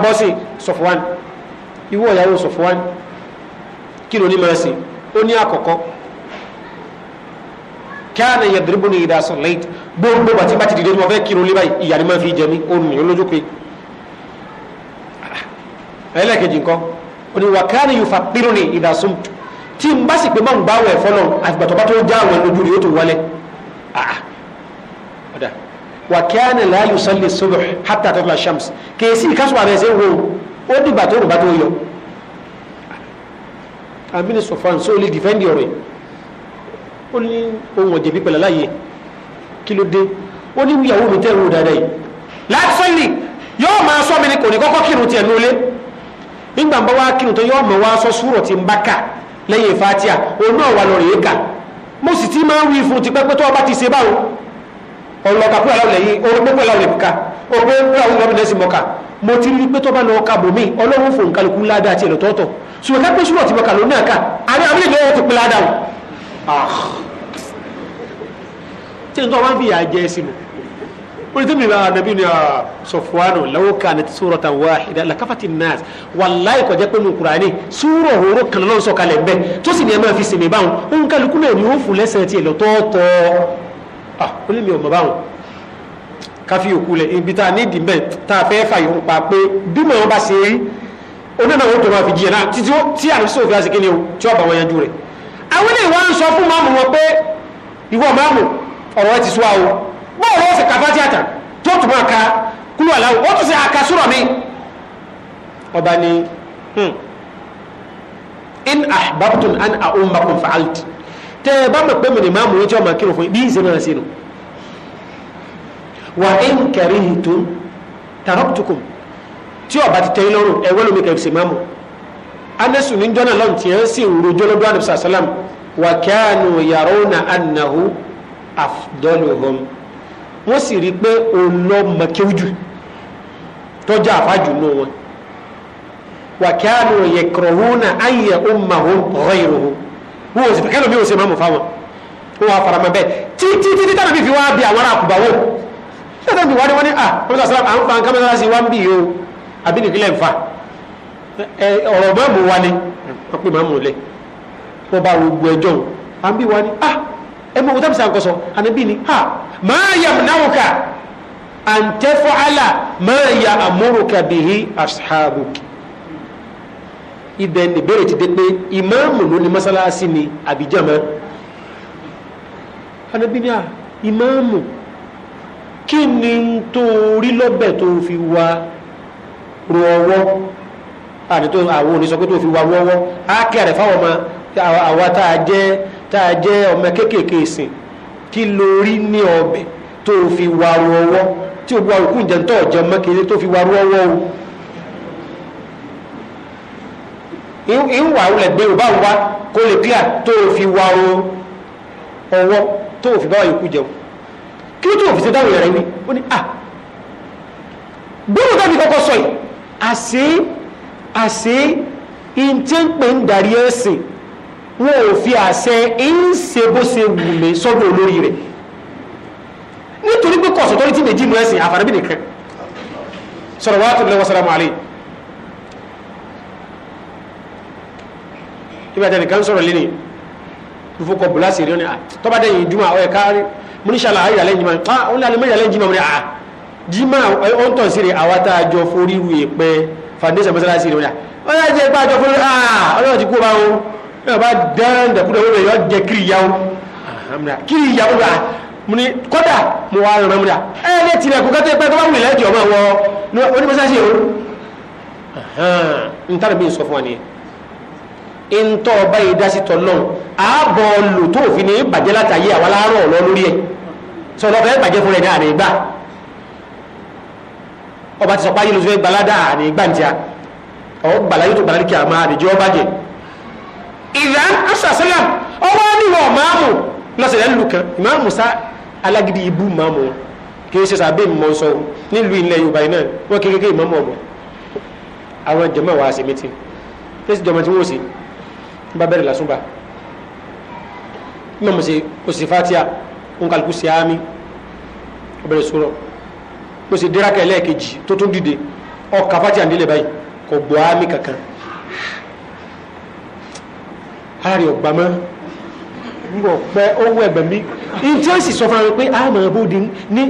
bọ́ sí Safwan ìwọ ìyàwó Sọfwan kí ló ní máa ṣe ó ní àkọ́kọ́ káàna yadribu ni idha sallayt gbogbo bàtí bá ti dìde wọn fẹ́ kí ló lé báyìí ìyá ni máa fi jẹ mí ó nì olójú pé ẹlẹ́kejì nǹkan ó ní wa káàna yufatiruni ni sumtu tí n bá sì pé máa ń gbá wẹ̀ fọ́nà àfìgbàtọ̀ bá tó já àwọn ojú rẹ̀ yóò tó wọlé wa kana la yusalli subh hatta tatla shams kèsì ìkásùwà rẹ̀ ṣe ń wo ó dìgbà tó rùbá tó yọ amínú sọfàn sọ lè dìfẹ́ndì ọ̀rẹ́ ó ní ohun ọ̀jẹ̀bí pẹ̀lú aláyè kí ló dé ó ní ìyàwó mi tẹ́rù dáadáa yìí láti sọ́yìn yóò máa sọ mi ni kò ní kọ́kọ́ kírun tiẹ̀ lólé nígbà bá wá kírun tó yóò mọ̀ wá sọ súrọ̀ tí ń bá kà lẹ́yìn fatia òun náà wà lọ́rọ̀ yìí kà mo sì ti máa ń wí fún ti pẹ́pẹ́ tó ọba ti ṣe báwọn ọlọ́kà pẹ́lú àwọn lẹ́yìn orí pẹ́pẹ́ làwọn lè mo ti rí pé tó bá lọ kàbò mí ọlọ́run fò nkàlùkù ládà àti ẹ̀lọ́tọ̀ọ̀tọ̀ ṣùgbọ́n ká pé ṣúwọ̀ tí mo kà ló náà kà àrí àwọn ilé ọ̀tọ̀ pé ládà wọn. Ah. tí n tó wọn fi yà jẹ sí mi ó ní tẹ́mi náà nàbí ni ah, sọ̀fùwánù lọ́wọ́ ká ní suratan wahida lakafati nas wàláì kọjá pé nùkúrà ni sùúrọ̀ òru kan lọ́n sọ̀kalẹ̀ bẹ́ẹ̀ tó sì ní ẹ máa fi sinmi báwọn ònkàlùkù náà ni ó fún lẹ́sẹ̀ tiẹ̀ lọ́tọ̀ọ̀tọ̀ ah ó ní mi ò mọ̀ báwọn káfí òkú lẹ̀ ibi tá a ní ìdìbẹ̀ tá a fẹ́ fàyọ̀ ń pa pé bí mọ̀ wọn bá ṣe rí onímọ̀ wọn tó máa fi jìyà náà títí tí àrùn sí òfin àṣekínni o tí ọba wọn yanjú rẹ̀ àwọn ilé ìwọ ń sọ fún máàmù wọn pé ìwọ máàmù ọ̀rọ̀ ẹ ti sọ àwọn bọ́ọ̀ wọ́n sì kàfá tíátà tó tún máa ka kúlù aláwọ̀ wọ́n tún sì àkàsúrọ̀ mi ọba ni hmm. in ahbabtum an a'ummakum fa'alt tẹ́ ẹ bá mọ̀ pé mi ni máàmù yẹn tí wọ́n máa kírun fún yín bí ìṣe náà ṣe nù wà ń kẹrí ìtò tàrọ́pùtùkùn tí ọba ti tẹ́ lọ́rùn ẹ̀wẹ́ lómi kẹfì sèmámù anẹ́sùn ní jọ́nà lọ́n tiẹ̀ ń sì rojọ́ lọ́dọ̀ àdùsù àsálàm wà kẹ́hánù yàrá òun ànàhù àfdọ́lùhùn wọ́n sì rí pé òun lọ tọ́jà àfájù náà wọn wà kẹ́hánù yẹkọ̀rọ̀hùn náà ayẹ̀ ọ̀rọ̀ ìrọ̀hùn wọ́n sì fẹ́ kẹ́lómi ṣẹ́tẹ̀ bí wádé wọ́n ní à pẹ́lú àṣírà à ń fa nǹkan mẹ́ta sí wá ń bì yóò àbí nìkílẹ̀ ń fa ọ̀rọ̀ máa mú wa ni wọ́n pè máa mú lẹ̀ wọ́n bá gbogbo ẹjọ́ à ń bì wá ni à ah, ẹ mọ òkúta bìsà nkọsọ ànábì ni à ah, máa yà náwùkà à ń tẹ́ fọ́ àlà máa yà àmúrùkà bìhí àṣàbùkì ibẹ̀ nìbẹ̀rẹ̀ ti dé pé ìmáàmù ló ní mọ́sálásí ni àbíjàmá ànábì ni à ah, ìmáàmù kí ni tó rí lọ́bẹ̀ tó fi wá ro ọwọ́ àdètò àwọn onísọ pé tó fi wá wọ́wọ́ á fáwọn ọmọ àwa tá a jẹ́ tá a jẹ́ ọmọ kéékèèké ìsìn kí ló rí ní ọbẹ̀ tó fi wá ro ọwọ́ tí o bu àrùkù ìjẹ̀ntọ́ ọ̀jẹ̀ mọ́ kiri tó fi wá ro ọwọ́ o ìwà wulẹ̀ gbé o bá wa kó kíá tó fi wá ro ọwọ́ tó fi bá wa yòókù jẹun kí ló tó òfìsí dáhùn ẹ̀rẹ́ ni ó ní à ah, gbọ́dọ̀ tàbí kọ́kọ́ sọ yìí àṣé àṣé in tí ń pè ń darí ẹ̀sìn wọn ò fi àṣẹ ń ṣe bó ṣe wù mí sọ́dọ̀ olórí rẹ̀ nítorí pé kọ̀sọ̀ tó ní tí méjì nù ẹ̀sìn àfàdébí nìkan sọ̀rọ̀ wá tó lẹ́wọ́ sọ́dọ̀ màálí ibà tẹnìkan sọ̀rọ̀ lẹ́nìí fúnfọkọ bùlá sí rí ọ́nà ah, tọ́ba dẹ̀ yìí jùmọ̀ ọ̀yẹ̀ kárí mo ní ṣàlà ayé ìyàlẹ́ jìmọ̀ ah ó ní alẹ́ mẹ́rin ìyàlẹ́ jìmọ̀ mo ní ah jìmọ̀ ó ń tàn sí rí àwa tá a jọ forí ru èèpẹ̀ foundation mọ́sálásí rí ọ́nà ah, ó yà jẹ́ gbàjọ forí ah ọlọ́run ti kú bá wọn yóò bá de dẹ̀kúdọ̀ wọ́n yọ jẹ kiri ìyàwó kiri ìyàwó rà mo ní ah, kọ́dà mo wà rán mo ní ẹ ní tirẹ̀ kó kẹ́tẹ́ pẹ́ tó bá wùlẹ̀ lẹ́jọ́ mọ́ wọn onímọ̀sálásí yòó ntàdàbí sọ fún wa nìyẹn ntọ́ ọba yìí dá sí tọ́lọ́n ààbọ̀ lò tó fi ní bàjẹ́ látàyé àwọn aláàárọ̀ ọ̀lọ́ lórí ẹ̀ sọ̀rọ̀ fẹ́ bàjẹ́ fún rẹ̀ ní ànígbà ọba ti sọ pé ayélujára fẹ́ gbalada ànígbà ní ti a ọ̀ gbàláyé tó gbàláyé kí a máa àdìjọ́ bàjẹ́ ìrán asàsílám ọwọ́ níwọ̀ máàmù lọ́sẹ̀lẹ̀ lù kan ìmáàmù sá alágídí ibú máàmù wọn kì í ṣe sàbẹ̀ mọ́ sọ nílùú ilẹ̀ Yorùbá iná wọn kékeré ìmáàmù ọ̀bọ̀ àwọn jọmọ wa n bá bẹ̀rẹ̀ lásùnbà n bá mo ṣe kò sí fatia n kàlùkù sí àmì ó bẹ̀rẹ̀ sọ̀rọ̀ mo ṣe dẹ́rakẹ́ lẹ́ẹ̀kejì tó tún dìde ọkà fatia nílẹ̀ báyìí kò gbọ́ àmì kankan ara rẹ̀ ọ̀gbà mọ́ ngbọ pẹ owó ẹgbẹ mi intanẹsi sọ fún wa pé àmọ́ bóde ní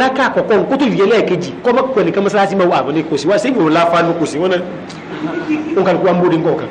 raka àkọ́kọ́ nǹkó tó yẹ lẹ́ẹ̀kejì kọmọ pẹ̀lú kọmọsáláṣí máa wà àbọlé kò sí wá sí ìgbòho láfa ló kò sí wọn náà nǹkan kó wà ń kan.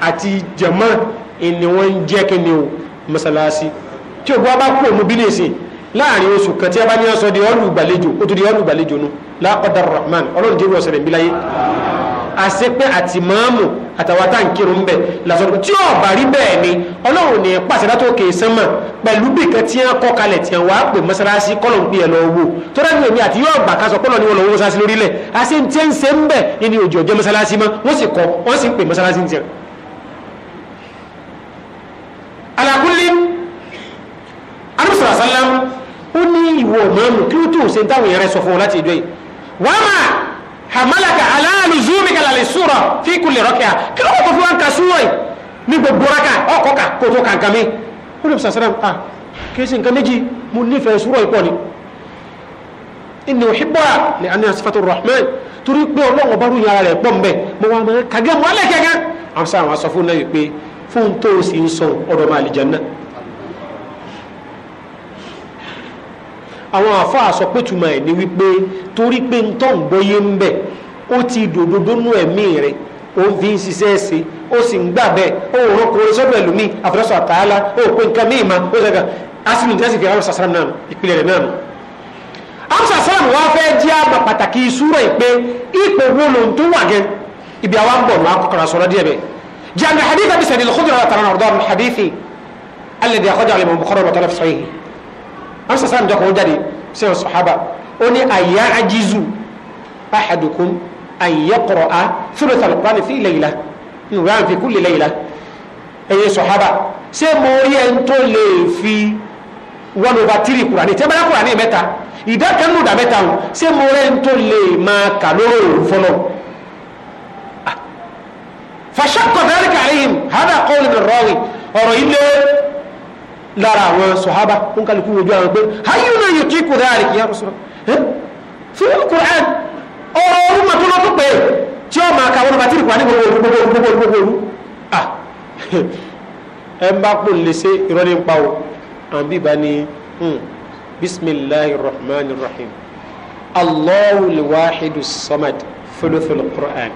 àti jama ni wọ́n ń jẹ́ kí ni o mọ́sálásí tí o bá bá kú òmu bí ní ìsìn láàrin oṣù kan tí a bá ní ọsọ di ọlù ìgbàlejò ó tún di ọlù ìgbàlejò nu lákọ̀dá rahman ọlọ́run jẹ́ ìwọ̀sẹ̀ rẹ̀ bíláyé àṣepẹ́ àti máàmù àtàwátà ń kírun ń bẹ̀ lásọ̀rọ̀ tí ó bá rí bẹ́ẹ̀ ni ọlọ́run ní pàṣẹ látòkè sánmà pẹ̀lú bí kan tí wọ́n kọ́ kalẹ̀ tí wọ́n á pè mọ́sálásí kọ́lọ̀ ń pè é lọ owó tó rẹ́ nìyẹn àti yóò gbà kásọ̀ kọ́lọ̀ ní wọn lọ́wọ́ mọ́sálásí lórílẹ̀ àṣẹ ń tẹ́ ń ṣe ń bẹ̀ ní òjò ọjọ́ mọ́sálásí mọ́ wọ́n sì kọ́ wọ́n sì ń pè mọ́sálásí ń tiẹ̀ alakuli alusra salam ó ní ìwọ mọ́mù kí ló tó ṣe táwọn yẹrẹ sọ fún ọ láti ìjọ yìí wàá máa hamalaka aláàlú zoomi kalali sura fi kulli rakia kí ló kọ́ fún wa ń ka súwọ̀ yìí ní gbogbo raka ọkọ̀ ká kó tó kàǹkà mi ó lè sàṣẹ́ náà ah kí ṣe nǹkan méjì mo nífẹ̀ẹ́ súrọ̀ ìpọ̀ ni inni uhibbuha li annaha sifatu rahman torí pé ọlọ́run ọba rú yàrá rẹ̀ pọ̀ mbẹ́ mo wà máa kàgé mu alẹ́ kẹ́kẹ́ fún tó o sì ń sọ ọ̀rọ̀ máa lè jẹun náà. àwọn àfáà sọ pé tuma ẹ̀ ni wípé torí pé ń tọ́ ń gbọ́yé ń bẹ̀ ó ti dòdòdó nú ẹ̀mí rẹ̀ ó ń fi ń ṣiṣẹ́ ṣe ó sì ń gbà bẹ́ẹ̀ ó rọ kó o sọ́dọ̀ ẹ̀lòmí àfẹ́sọ̀ àtàlá ó pé nǹkan míì ma ó sẹ́ka asinu tí wọ́n sì fi àwọn sàsàràm náà ìpìlẹ̀ rẹ̀ náà nù. àwọn sàsàràm fẹ́ jẹ́ àgbà pàtàkì ìṣúra ìpè ipò wo lòun tó wà gẹ́ ibi àwa ń bọ̀ lọ́ جاء حديث ابي سعيد الخدري رضي الله عنه من حديث الذي اخرجه الامام البخاري وتعالى في صحيحه امس سلام جاء قول داري سير الصحابه اني ايعجز احدكم ان يقرا ثلث القران في ليله يقرأ في كل ليله اي صحابه سي موري ان في wọn ò bá tírì kùránì tẹ́ bá yá kùránì mẹ́ta ìdá kan nù dá mẹ́ta o ṣé فشق ذلك عليهم هذا قول ابن الراوي ọ̀rọ̀ ilé lára àwọn sọ̀hábà ń kálukú ojú àwọn pé hayu náà yóò tí kò dáàrí kìí yàrá sọ̀rọ̀ fi wọ́n kùrán ọ̀rọ̀ orú mọ̀ tó lọ tó pé tí ó máa kàwọn bàtírì kwà ní gbogbo orú gbogbo orú gbogbo orú gbogbo orú à ah, ẹ bá kún lè ṣe irọ́ ní pa o àbí bá ní hmm, bisimilahi rahman rahim allahu liwahidu samad fúlùfúlù kùrán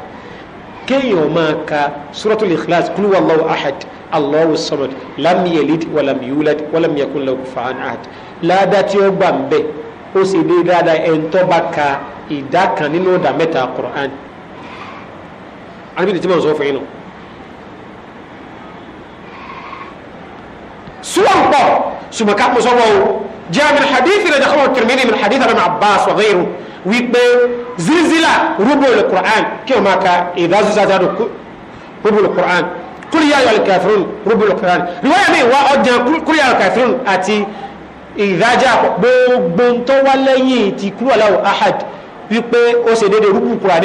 kéèyàn máa ka suratul ikhlas kul wallahu ahad allahu samad lam yalid walam yulad walam yakun lahu kufuwan ahad láàdá tí ó gbà ń bẹ ó sì dé dáadáa ẹ̀ ń tọ́ba ka ìdá kan nínú ìdá mẹ́ta qur'an àbí tí mo sọ fún yín nù. سوى ثم كان مصوره جاء من حديث رجحه الترمذي من حديث ابن عباس وغيره ويبقى zilzila rubul qur'an ke ma ka idza zuzata do rubul qur'an kul ya ayyuhal kafirun rubul qur'an riwaya mi wa ojan kul ya ayyuhal kafirun àti idza ja gbogbo tó wà lẹ́yìn ti kul wala ahad wí pé ó ṣe dédé rubul qur'an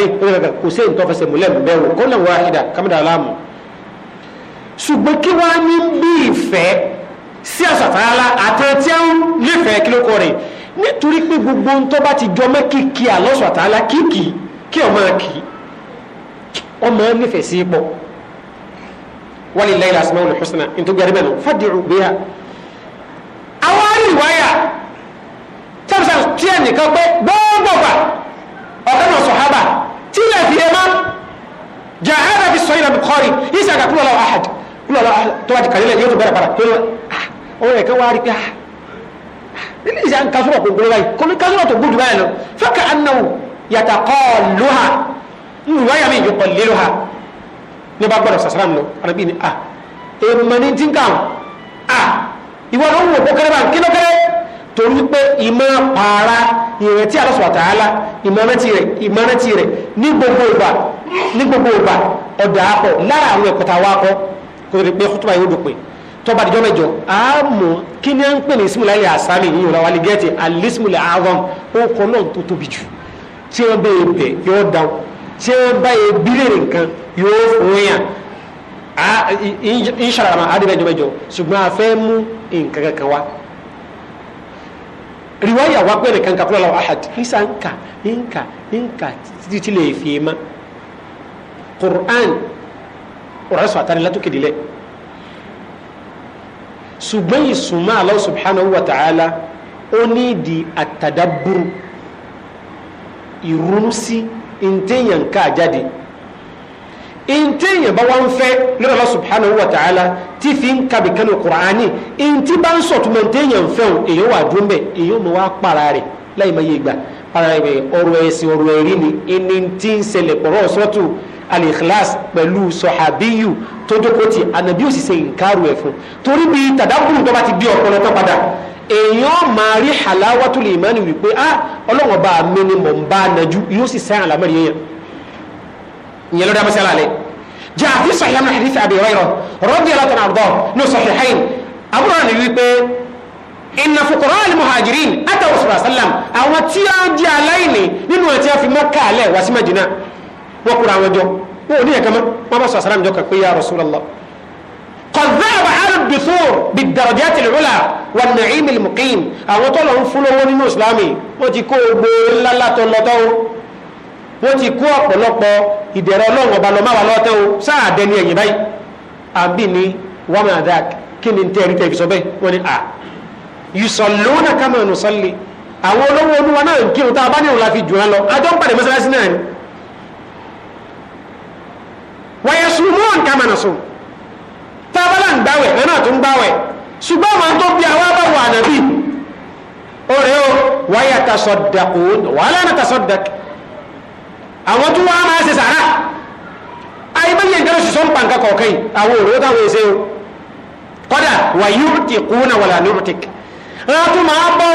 kò ṣe nto fese mule be wo ko na wahida kamda alamu ṣùgbọ́n kí wá ní bí ìfẹ́ sí àṣàfàyàlá àtẹ̀tẹ̀ ń nífẹ̀ẹ́ kí ló kọ́ rẹ̀ nítorí pé gbogbo ń tọ́ bá ti jọ mọ́ kíkì àlọ́sọ̀ àtàlá kíkì kí ọmọ kì í ọmọ nífẹ̀ẹ́ sí pọ̀ walillahi al-asmaul husna nítorí gbàdúrà náà fad'u biha. àwọn arìnwáyà tẹ́lifíṣà tí ẹnìkan pé gbọ́ngbọ̀gbà ọ̀kan náà sọ̀hábà tí ilẹ̀ fi ẹ̀ máa jẹ́ àádọ́ fi sọ́yìn àbí kọ́rin yìí sàkà lọ́wọ́ àhàd kúlọ̀ lọ́wọ́ àhàd kàlílẹ̀ yóò tó bẹ̀rẹ̀ para ọ̀rẹ́ kan wá rí pé ah, nínú ìṣe à ń kasúrọ̀ kò gbóló báyìí kò ní kasúrọ̀ tó gbúdú báyìí lọ fẹ́kẹ̀ anáwó yàtà kọ́ọ̀lùhà nùwá yà mí ìjọkọ̀ léluhà ní bá gbọ́dọ̀ sàsàràm lọ arábí ni a èèmọ̀ ní tí ń kà á ìwọ ló ń wò kókéré bá kí lókéré torí pé ìmọ̀ pààrà ìrètí àlọ́sọ̀ àtàlá ìmọ̀rẹ́tì rẹ̀ ìmọ̀rẹ́tì rẹ̀ ní gbogbo ìgbà ní gbogbo ìgbà ọ̀dà àpọ̀ lára àwọn ẹ̀kọ́ta wa kọ́ kó tó di pé kótó báyìí ó dùn pé tọba àdìjọ mẹ́jọ àmọ́ kí ni à ń pè ní ismula asami yìí ọ̀la wa lè gẹ́tì alismula aram ó kọ́ náà tó tóbi jù tí wọ́n bẹ bẹ̀ yóò dáhùn tí wọ́n bá yẹ bílẹ̀ nìkan yóò fún yàn á ìṣàràmà àdìbẹ́jọ mẹ́jọ mú nǹkan kankan wá riwaya wa gbẹ̀rẹ̀ kan kakúrò lọ́wọ́ ahad isa nka nka nka títí tí lè fi ma Qur'an ọ̀rọ̀ sọ àtàrí látòkèdè lẹ́yìn ṣùgbọ́n ìsúnmọ́ Allah subhanahu wa ta'ala ó ní ìdí àtàdábùrù ìrúnú sí ìntẹ́yàn ká jáde ìntẹ́yàn bá wọ́n fẹ́ lórí Allah subhanahu wa ta'ala tí fi ń kàbí kánú kùránì ìntí bá ń sọ̀túnmọ̀ ìntẹ́yàn fẹ́ èyí wà dúnbẹ̀ èyí ò wá pàrà rẹ̀ láì yé gbà ara ẹ̀ ọ̀rọ̀ ẹ̀sìn ọ̀rọ̀ ẹ̀rí ni ẹni tí ń ṣẹlẹ̀ pọ̀rọ̀ sọ́tù alikilas pẹ̀lú sọ̀hábíyù tó dókòtì ànàbí ò sì ṣe nǹkaru ẹ̀ fún torí bí tàdákùrù tó bá ti bí ọpọlọ tó padà èèyàn máa rí halawatul ìmánì wípé ah ọlọ́wọ́n bá mi ni mò ń bá najú yóò sì sẹ́yìn àlámẹ́rì yẹn ìyẹn ló dá mọ́sálà lẹ́ jẹ́ àfihàn sọ̀hìn àmì àdìsí àbẹ̀rẹ̀ rọ̀ rọ́bì alátọ̀nà àbọ̀ ní sọ̀hìn hẹ́yìn àbúrò ni wípé inna fukura al-muhajirin ata rasulullah sallam àwọn tí a jẹ́ aláìní nínú ẹ̀tí a fi Mẹ́kà alẹ́ wá sí Mẹ́dínà wọ́n kúrò àwọn jọ wọ́n ò ní ẹ̀kẹ́ mọ́ wọ́n bá sọ àsàlámù jọ kàpé ya rasulullah qad dhahaba ahlu ad-duthur bid-darajati al-ula wan-na'im al-muqim àwọn tó lọ ń fún lọ́wọ́ nínú ìsìlámì wọ́n ti kó gbó ńlá látọ̀ lọ́tọ́ wọ́n ti kó ọ̀pọ̀lọpọ̀ ìdẹ̀rẹ̀ ọlọ́run ọba lọ́mọ́ wa lọ́tọ́ sáà dẹni ẹ̀yìn báyìí àbí ni wàmàdà kí ni tẹ́ẹ̀rí tẹ́ẹ̀ fi sọ bẹ́ẹ̀ wọ́n ni à yusọ̀lónà kama nùsọ̀lẹ̀ àwọn olówó olúwa náà ń kírun tá a bá ní òun la fi jù án lọ ajọ́ ń pàdé mọ́sálásí náà ni wọ́yẹ sùnmọ́ọ̀n kama nùsọ̀ tá a bá là ń gbáwẹ̀ ẹ̀ náà tó ń gbáwẹ̀ ṣùgbọ́n àwọn tó bí àwọn bá wà nàbí ọ̀rẹ́ o wáyà tasọ̀dàkù wàhálà náà tasọ̀dàkù àwọn tó wá máa ṣe sàrà ayébáyé nǹkan ṣiṣọ́ ń pa nǹkan kọ̀ọ̀kan yìí àwọn òróró táwọn èsè o kọ́dà wàyúrùtì kúnà wàlà nùrùtìkì a tún máa bọ́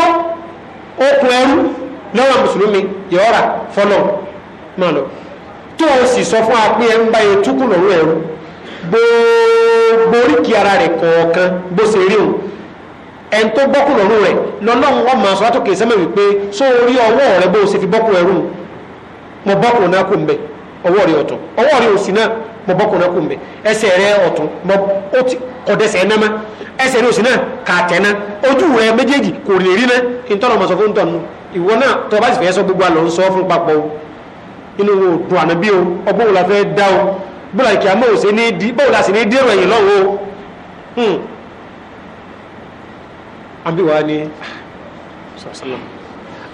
okùn ẹrú lọ́wọ́ mùsùlùmí yọ̀ọ́ra fọlọ́ máa lọ tó o sì sọ fún wa pé ń bá yẹn túkù lọ́rùn ẹrú gbogbo ara rẹ̀ kọ̀ọ̀kan bó ṣe rí òun ẹn tó bọ́kù lọ́rùn rẹ̀ lọ́lọ́run ọmọ aṣọ látòkè sẹ́mẹ̀ wípé só orí ọwọ́ rẹ̀ bó fi bọ́kù ẹrú mo bọ́kù náà kò ń ọwọ́ rẹ̀ ẹsẹ̀ ní òsì náà kàtẹ́ náà ojú rẹ méjèèjì kò lè rí náà ìtọ́nà ọmọ sọ fún tọ̀nù ìwọ náà tó bá sì fẹ́ sọ gbogbo àlọ́ ń sọ fún papọ̀ inú wo dùn àná bí o ọgbọ́n wo la fẹ́ dá o bóla ìkí àmọ́ òsè ní di bóla la sì ní dérò ẹ̀yìn lọ́wọ́ o hmm. àbí wàá ní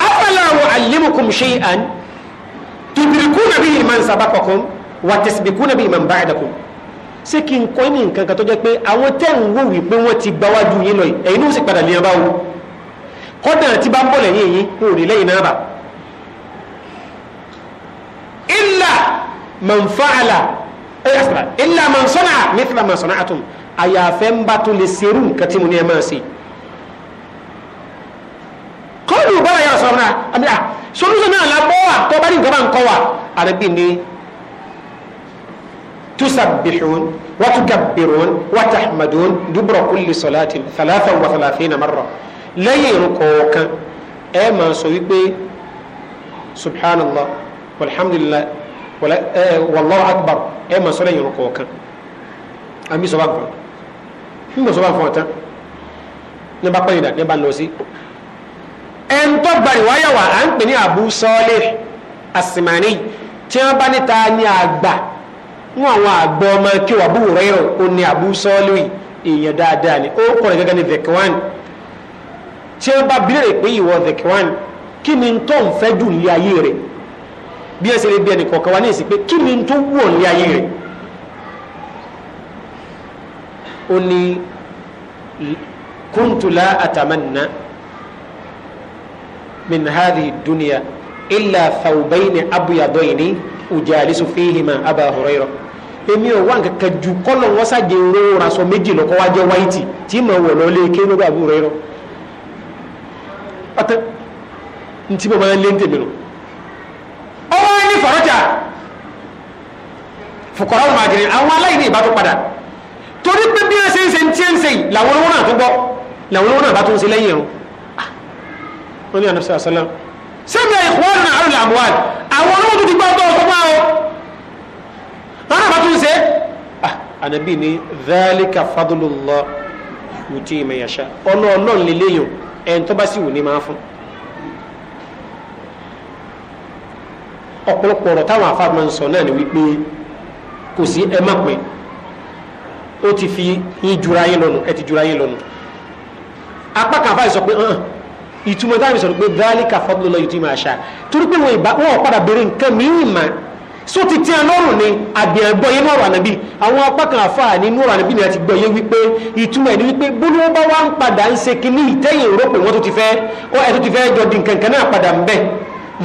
afala wa allimukum shay'an tudrikuna bihi man sabaqakum wa tasbiquna bihi man ṣé kí n kọ́ ní nǹkan kan tó jẹ́ pé àwọn tẹ́ ń wò wípé wọ́n ti gba wájú yín lọ ẹ̀yin ló sì padà lè bá wo kọ́dà tí bá ń bọ̀ lẹ́yìn yín kò ní lẹ́yìn náà bà illa man fa'ala illa man sana'a mithla àyàfẹ́ ń bá tó lè serú nǹkan tí mo ní ẹ máa ṣe kọ́ọ̀lù bọ́lá yà sọ̀rọ̀ náà à sọ́dún sọ́dún náà تسبحون وتكبرون وتحمدون دبر كل صلاة ثلاثا وثلاثين مرة لين كوكا اما سويبي سبحان الله والحمد لله ولا آه والله أكبر أما سلين كوكا أمي سبحان الله nígbà sọ bá fún ọtán ní bá pẹ́yìndà ní bá lọ sí ẹn tó gbàrí wáyà wà á ń ní àwọn àgbọ̀ ọmọ kí wà bú rẹ́rọ̀ ó ní àbú sọ́ọ́lùwì èèyàn dáadáa ni ó kọ̀rọ̀ gẹ́gẹ́ ní vekiwan tí ó bá bílẹ̀ pé ìwọ vekiwan kí ni tó ń fẹ́ jù ní ayé rẹ̀ bí ẹsẹ̀ lè bí ẹnì kọ̀ọ̀kan wá ní èsì pé kí ni tó wù ní ayé rẹ̀ ó ní kúntùlá àtàmánà min hadhihi dunya illa thawbayni abyadayni ujalisu fihima aba èmi ò wá nǹkan kan ju kọ́lọ̀ wọn ṣàjẹ oró raṣọ méjì lọ́kọ́ wá jẹ́ wáìtì tí mo wọ̀ lọ́lé ké lórí àbúrò rẹ rọ. ọtẹ ntí mo máa ń lé ń tèmi nù. ọwọ́ ẹni fọ̀rọ̀jà fòkọ̀rọ̀ ọ̀rọ̀ àjẹrẹ àwọn aláìní ìbá tó padà torí pé bí wọ́n ṣe ń ṣe ń tiẹ́ ń ṣe yìí làwọn olówó náà tó gbọ́ làwọn olówó náà bá tó ń ṣe lẹ́yìn ẹ̀rọ. Ah, wọ́n ní àná sẹ́mi ẹ̀kọ́ ọ̀rọ̀ náà àrùn làwọn àwọn olówó tó tún ṣe ah, ànábì ní dhalika fadlullah yòtí ìmẹ̀yàṣá ọlọ́ọ̀lọ́ọ̀ lélẹ́yìn ẹni tó bá sì wù ní máa fún. ọ̀pọ̀lọpọ̀ ọ̀rọ̀ táwọn afáàbí máa ń sọ náà ni wípé kò sí ẹ má pín ó ti fi yín jura yín lọ́nu ẹ ti jura yín lọ́nu apá kan afáàbí sọ pé hàn ìtumọ̀ táwọn sọ pé dhalika fadlullah yòtí ìmẹ̀yàṣá torí pé so ti tí ọlọ́run ni àgbẹ̀ gbọ́yé nọ́ọ̀rọ̀ ànábì àwọn apá kan àfáà ní nọ́ọ̀rọ̀ ànábì ni a ti gbọ́yé wípé ìtumọ̀ ẹni wípé bólú bá wá ń padà ń ṣe kíní ìtẹ́yìn rò pé tó ti fẹ́ ẹ̀ tó ti fẹ́ jọ di náà padà ń bẹ́ẹ̀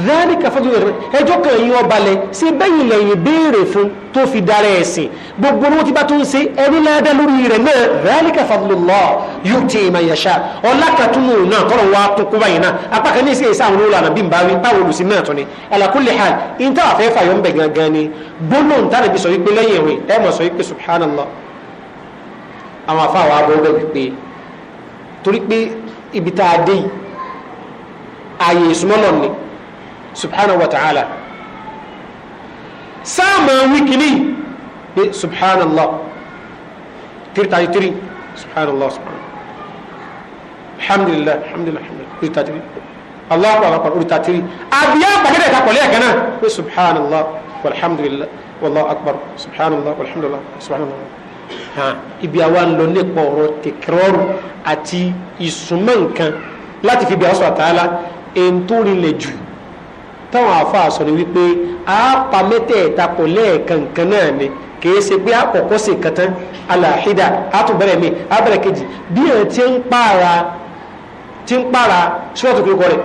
dhalika fọ́júwẹ̀ rẹ̀ ẹjọ́ kan yíò balẹ̀ sí bẹ́yìn lẹ́yìn béèrè fún tó fi dára ẹ̀sìn gbogbo owó tí bá tó ń ṣe ẹni ládá lórí rẹ̀ náà dhalika fadlullah yu'ti man yasha ọlákàtúnú náà kọ́rọ̀ wá tó kó báyìí náà apá kan ní sí èsì àwọn olóòlànà bí n bá wí báwo olùsí náà tún ni ala kulli hal in tá a fẹ́ fàyọ̀ ń ń bẹ̀ wípé torí subhanahu wa ta'ala sáàmà wíkìlì pé subhanallah three thirty three subhanallah subhanallah alhamdulilah alhamdulilah alhamdulilah three thirty three allahu akbar three thirty three àbíyá bàgẹ́dẹ̀ ta kọ̀lẹ́ ẹ̀kan náà pé subhanallah walhamdulilah wallahu akbar subhanallah walhamdulilah subhanallah hàn ibi àwa ń lọ nípa ọ̀rọ̀ tẹkẹrọrù àti ìsúnmọ́ nǹkan láti fi bí àwọn sọ̀rọ̀ tààlà èntó rinlẹ̀ jù táwọn àáfàá sọ ni wípé a pa mẹ́tẹ̀ẹ̀ta pọ̀ lẹ́ẹ̀kan kan náà ni kìí ṣe pé àkọ́kọ́ sì kan tán aláhídà àtúbẹ̀rẹ̀ mi àbẹ̀rẹ̀ kejì bí ẹ̀ ti ń pààrà ti ń pààrà ṣọ́ọ̀tù kúrúkọ rẹ̀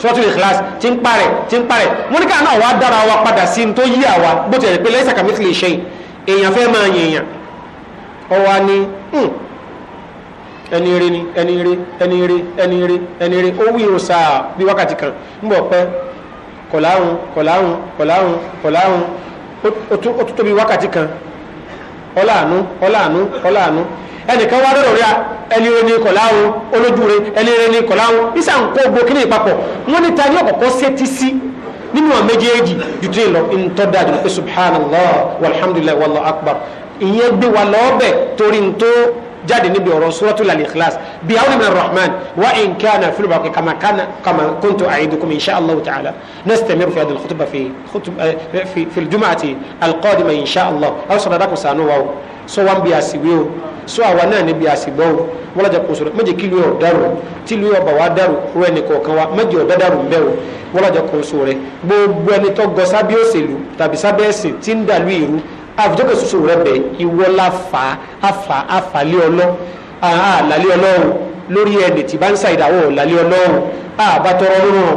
ṣọ́ọ̀tù ìkìláàsì ti ń pààrẹ̀ ti ń pààrẹ̀ wọ́n ní ká náà wá dára wa padà sí tó yí àwa bó ti rẹ̀ pé lẹ́sàkàmí ti lè ṣe èèyàn fẹ́ máa yẹ̀yàn ọwọ́ ni ẹni ni ẹni eré ẹni eré ẹni eré ẹni eré ó wí òòsà bí wákàtí kan ń bọ̀ pẹ́ kọ̀láhùn kọ̀láhùn kọ̀láhùn kọ̀láhùn ó tún tóbi a ni kọ̀láhùn olójú rẹ ni kọ̀láhùn ìsà ń kó gbókínì ìpapọ̀ wọ́n ní ta ní ọ̀kọ̀kọ́ sétí sí nínú àwọn méjèèjì jùtẹ́ lọ ìntọ́dá jùlọ pé subhanallah walhamdulillah wallahu akbar ìyẹn gbé wa lọ́ọ́bẹ̀ torí ń jáde níbi ọ̀rọ̀ suratul al-ikhlas bi awni min ar-rahman wa in kana fil baqi kama kana kama kuntu a'idukum insha allah ta'ala nastamiru fi hadhihi al-khutbah fi khutb eh, fi fi al-jum'ati al-qadima insha allah aw sadada ko sanu wa so wan bi asiwe o so àwa náà níbi àsìgbọ́ o wọ́n lọ́jà kó sọ̀rọ̀ méje kí ló yọ̀ dàrú tí ló yọ̀ wa dàrú ń àfijọ́kẹ́ soso rẹ bẹ̀ ìwọ la fà á fà á fà lé ọlọ́ àlàlé ọlọ́run lórí ẹni tí bá ń ṣàìdáwọ̀ làlé ọlọ́run àbátọrọ rírun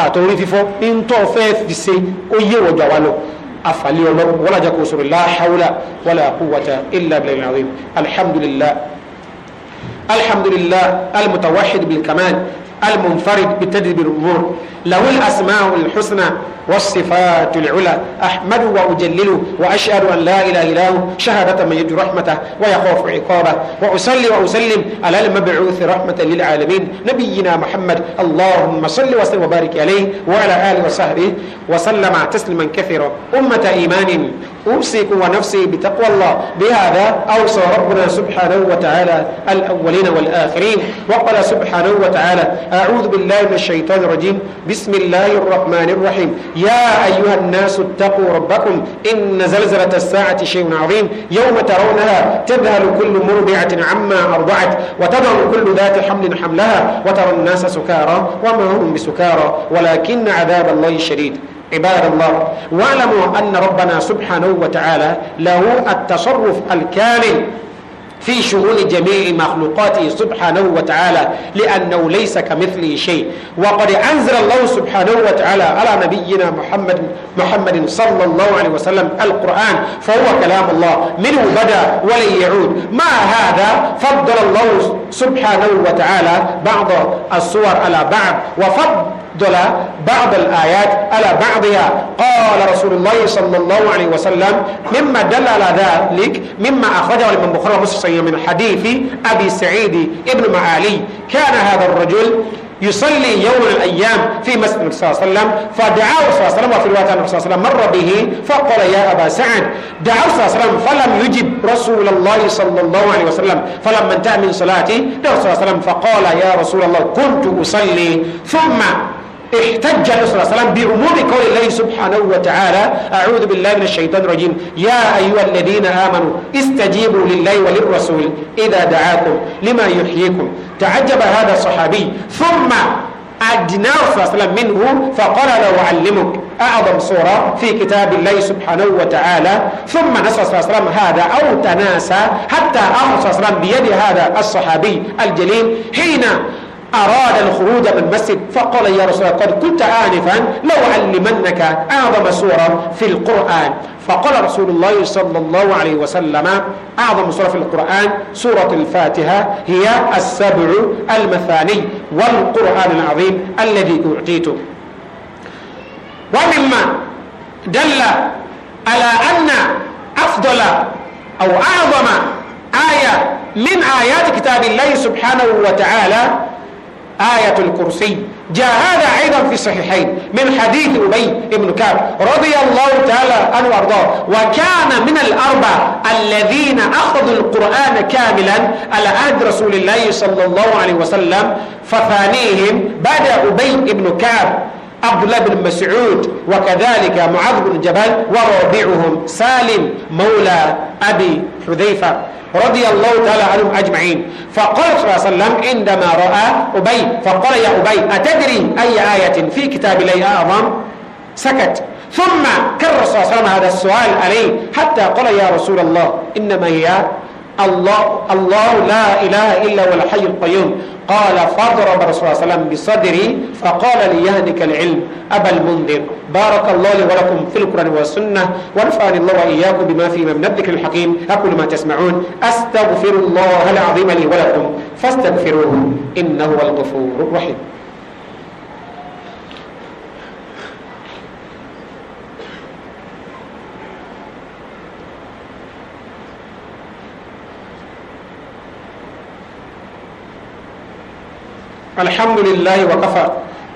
àtọ orí fífọ́ ntọ́ fẹ́ fi ṣe ó yé wọ̀jà wa lọ afàlẹ́ ọlọ́run wọ́n lajà kó sọ̀rọ̀ la hawla wala quwwata illa billahi al-azim alhamdulillah alhamdulillah al kamal المنفرد بتدريب الأمور له الأسماء الحسنى والصفات العلى أحمد وأجلله وأشهد أن لا إله إلا هو شهادة من يجد رحمته ويخاف عقابه وأصلي وأسلم على المبعوث رحمة للعالمين نبينا محمد اللهم صل وسلم وبارك عليه وعلى آله وصحبه وسلم تسليما كثيرا أمة إيمان أوصيكم ونفسي بتقوى الله بهذا أوصى ربنا سبحانه وتعالى الأولين والآخرين وقال سبحانه وتعالى أعوذ بالله من الشيطان الرجيم بسم الله الرحمن الرحيم يا أيها الناس اتقوا ربكم إن زلزلة الساعة شيء عظيم يوم ترونها تذهل كل مرضعة عما أرضعت وتضع كل ذات حمل حملها وترى الناس سكارى وما هم بسكارى ولكن عذاب الله شديد عباد الله واعلموا أن ربنا سبحانه وتعالى له التصرف الكامل في شؤون جميع مخلوقاته سبحانه وتعالى لأنه ليس كمثله شيء وقد أنزل الله سبحانه وتعالى على نبينا محمد محمد صلى الله عليه وسلم القرآن فهو كلام الله منه بدأ ولن يعود ما هذا فضل الله سبحانه وتعالى بعض الصور على بعض وفضل دولا بعض الآيات على بعضها قال رسول الله صلى الله عليه وسلم مما دل على ذلك مما أخرجه الإمام بخاري ومسلم من حديث أبي سعيد ابن معالي كان هذا الرجل يصلي يوم من الأيام في مسجد النبي صلى الله عليه وسلم فدعاه صلى الله عليه وسلم وفي رواية النبي صلى الله عليه وسلم مر به فقال يا أبا سعد دعاه صلى الله عليه وسلم فلم يجب رسول الله صلى الله عليه وسلم فلما انتهى من صلاتي دعاه صلى الله عليه وسلم فقال يا رسول الله كنت أصلي ثم احتج النبي صلى الله عليه وسلم بعموم قول الله سبحانه وتعالى أعوذ بالله من الشيطان الرجيم يا أيها الذين آمنوا استجيبوا لله وللرسول إذا دعاكم لما يحييكم تعجب هذا الصحابي ثم أدناه صلى الله عليه وسلم منه فقال له أعلمك أعظم صورة في كتاب الله سبحانه وتعالى ثم نسى صلى الله عليه وسلم هذا أو تناسى حتى أمر صلى الله عليه وسلم بيد هذا الصحابي الجليل حين أراد الخروج من المسجد فقال يا رسول الله قد كنت آنفا لو علمنك أعظم سورة في القرآن فقال رسول الله صلى الله عليه وسلم أعظم سورة في القرآن سورة الفاتحة هي السبع المثاني والقرآن العظيم الذي أعطيته ومما دل على أن أفضل أو أعظم آية من آيات كتاب الله سبحانه وتعالى آية الكرسي جاء هذا أيضا في الصحيحين من حديث أبي بن كعب رضي الله تعالى عنه وأرضاه وكان من الأربع الذين أخذوا القرآن كاملا على عهد رسول الله صلى الله عليه وسلم فثانيهم بعد أبي بن كعب عبد الله بن مسعود وكذلك معاذ بن جبل ورابعهم سالم مولى أبي حذيفة رضي الله تعالى عنهم أجمعين فقال صلى الله عليه وسلم عندما رأى أبي فقال يا أبي أتدري أي آية في كتاب الله أعظم سكت ثم كرر صلى الله عليه وسلم هذا السؤال عليه حتى قال يا رسول الله إنما هي الله الله لا إله إلا هو الحي القيوم قال فضرب رسول الله صلى الله عليه وسلم بصدري فقال ليهنك العلم أبا المنذر بارك الله لي ولكم في القرآن والسنة ونفعني الله وإياكم بما فيه من الذكر الحكيم أقول ما تسمعون أستغفر الله العظيم لي ولكم فاستغفروه إنه هو الغفور الرحيم الحمد لله وكفى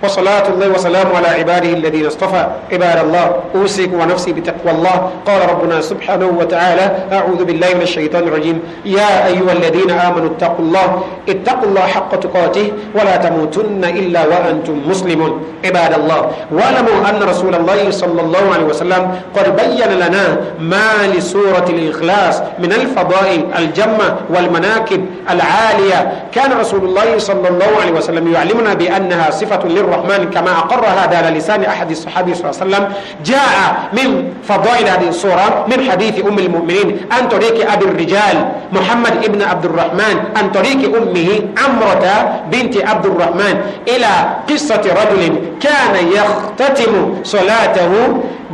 وصلاة الله وسلامه على عباده الذين اصطفى عباد الله أوصيكم ونفسي بتقوى الله قال ربنا سبحانه وتعالى أعوذ بالله من الشيطان الرجيم يا أيها الذين آمنوا اتقوا الله اتقوا الله حق تقاته ولا تموتن إلا وأنتم مسلمون عباد الله واعلموا أن رسول الله صلى الله عليه وسلم قد بين لنا ما لسورة الإخلاص من الفضائل الجمة والمناكب العالية كان رسول الله صلى الله عليه وسلم يعلمنا بأنها صفة للرسول الرحمن كما أقر هذا على لسان أحد الصحابة صلى الله عليه وسلم جاء من فضائل هذه الصورة من حديث أم المؤمنين أن تريك أبي الرجال محمد ابن عبد الرحمن أن تريك أمه عمرة بنت عبد الرحمن إلى قصة رجل كان يختتم صلاته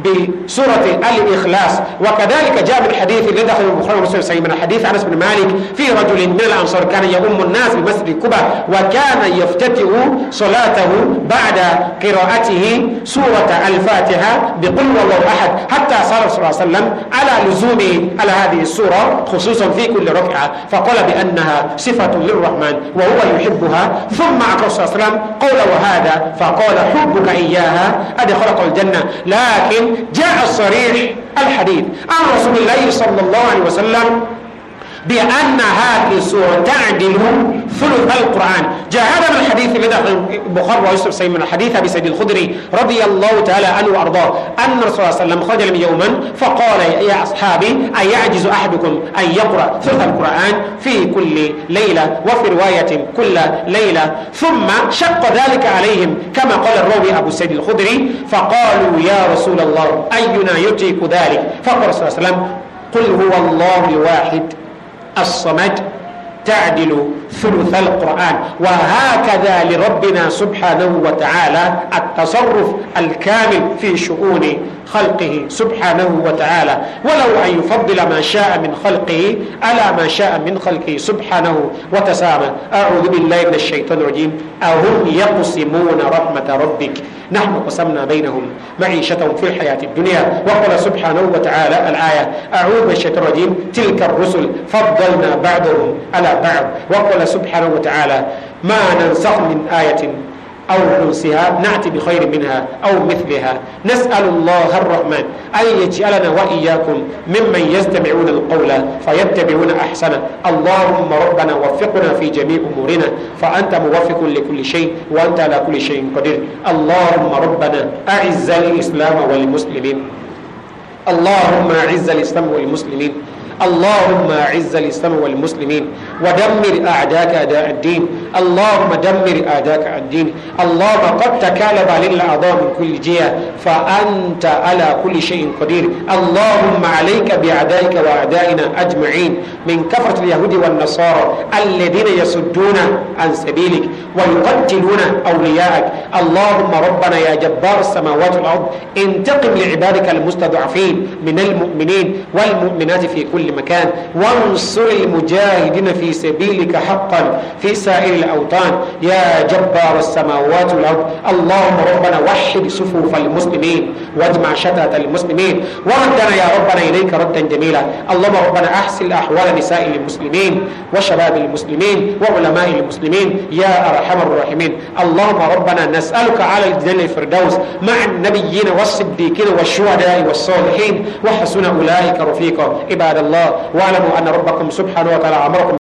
بسورة الإخلاص وكذلك جاء بالحديث الذي دخل البخاري ومسلم صحيح من الحديث أنس بن مالك في رجل من الأنصار كان يؤم الناس بمسجد كوبا وكان يفتتح صلاته بعد قراءته سورة الفاتحة بقل والله أحد حتى صار صلى الله عليه وسلم على لزوم على هذه السورة خصوصا في كل ركعة فقال بأنها صفة للرحمن وهو يحبها ثم أقرأ صلى الله عليه وسلم قول وهذا فقال حبك إياها أدخلق الجنة لكن جاء الصريح الحديث عن رسول الله صلى الله عليه وسلم بأن هذه السورة تعدل ثلث القرآن جاء هذا من الحديث من البخاري ويسلم سيد من الحديث أبي سيد الخدري رضي الله تعالى عنه وأرضاه أن الرسول صلى الله عليه وسلم خرج لهم يوما فقال يا أصحابي أيعجز أحدكم أن يقرأ ثلث القرآن في كل ليلة وفي رواية كل ليلة ثم شق ذلك عليهم كما قال الراوي أبو سيد الخدري فقالوا يا رسول الله أينا يطيق ذلك فقال الرسول صلى الله عليه وسلم قل هو الله الواحد الصمد تعدل ثلث القرآن وهكذا لربنا سبحانه وتعالى التصرف الكامل في شؤون خلقه سبحانه وتعالى ولو أن يفضل ما شاء من خلقه على ما شاء من خلقه سبحانه وتسامى أعوذ بالله من الشيطان الرجيم أهم يقسمون رحمة ربك نحن قسمنا بينهم معيشتهم في الحياة الدنيا وقال سبحانه وتعالى الآية أعوذ من الشيطان الرجيم تلك الرسل فضلنا بعضهم على بعض وقال سبحانه وتعالى ما ننسخ من آية أو نوسها نأتي بخير منها أو مثلها نسأل الله الرحمن أن يجعلنا وإياكم ممن يستمعون القول فيتبعون أحسن اللهم ربنا وفقنا في جميع أمورنا فأنت موفق لكل شيء وأنت على كل شيء قدير اللهم ربنا أعز الإسلام والمسلمين اللهم أعز الإسلام والمسلمين اللهم أعز الإسلام والمسلمين ودمر أعداءك أداء الدين اللهم دمر أعداءك الدين اللهم قد تكالب علينا الأعضاء من كل جهة فأنت على كل شيء قدير اللهم عليك بأعدائك وأعدائنا أجمعين من كفرة اليهود والنصارى الذين يصدون عن سبيلك ويقتلون أولياءك اللهم ربنا يا جبار السماوات والأرض انتقم لعبادك المستضعفين من المؤمنين والمؤمنات في كل كل مكان وانصر المجاهدين في سبيلك حقا في سائر الأوطان يا جبار السماوات والأرض اللهم ربنا وحد صفوف المسلمين واجمع شتات المسلمين وردنا يا ربنا إليك ردا جميلا اللهم ربنا أحسن أحوال نساء المسلمين وشباب المسلمين وعلماء المسلمين يا أرحم الراحمين اللهم ربنا نسألك على الجنة الفردوس مع النبيين والصديقين والشهداء والصالحين وحسن أولئك رفيقا عباد الله الله واعلموا أن ربكم سبحانه وتعالى أمركم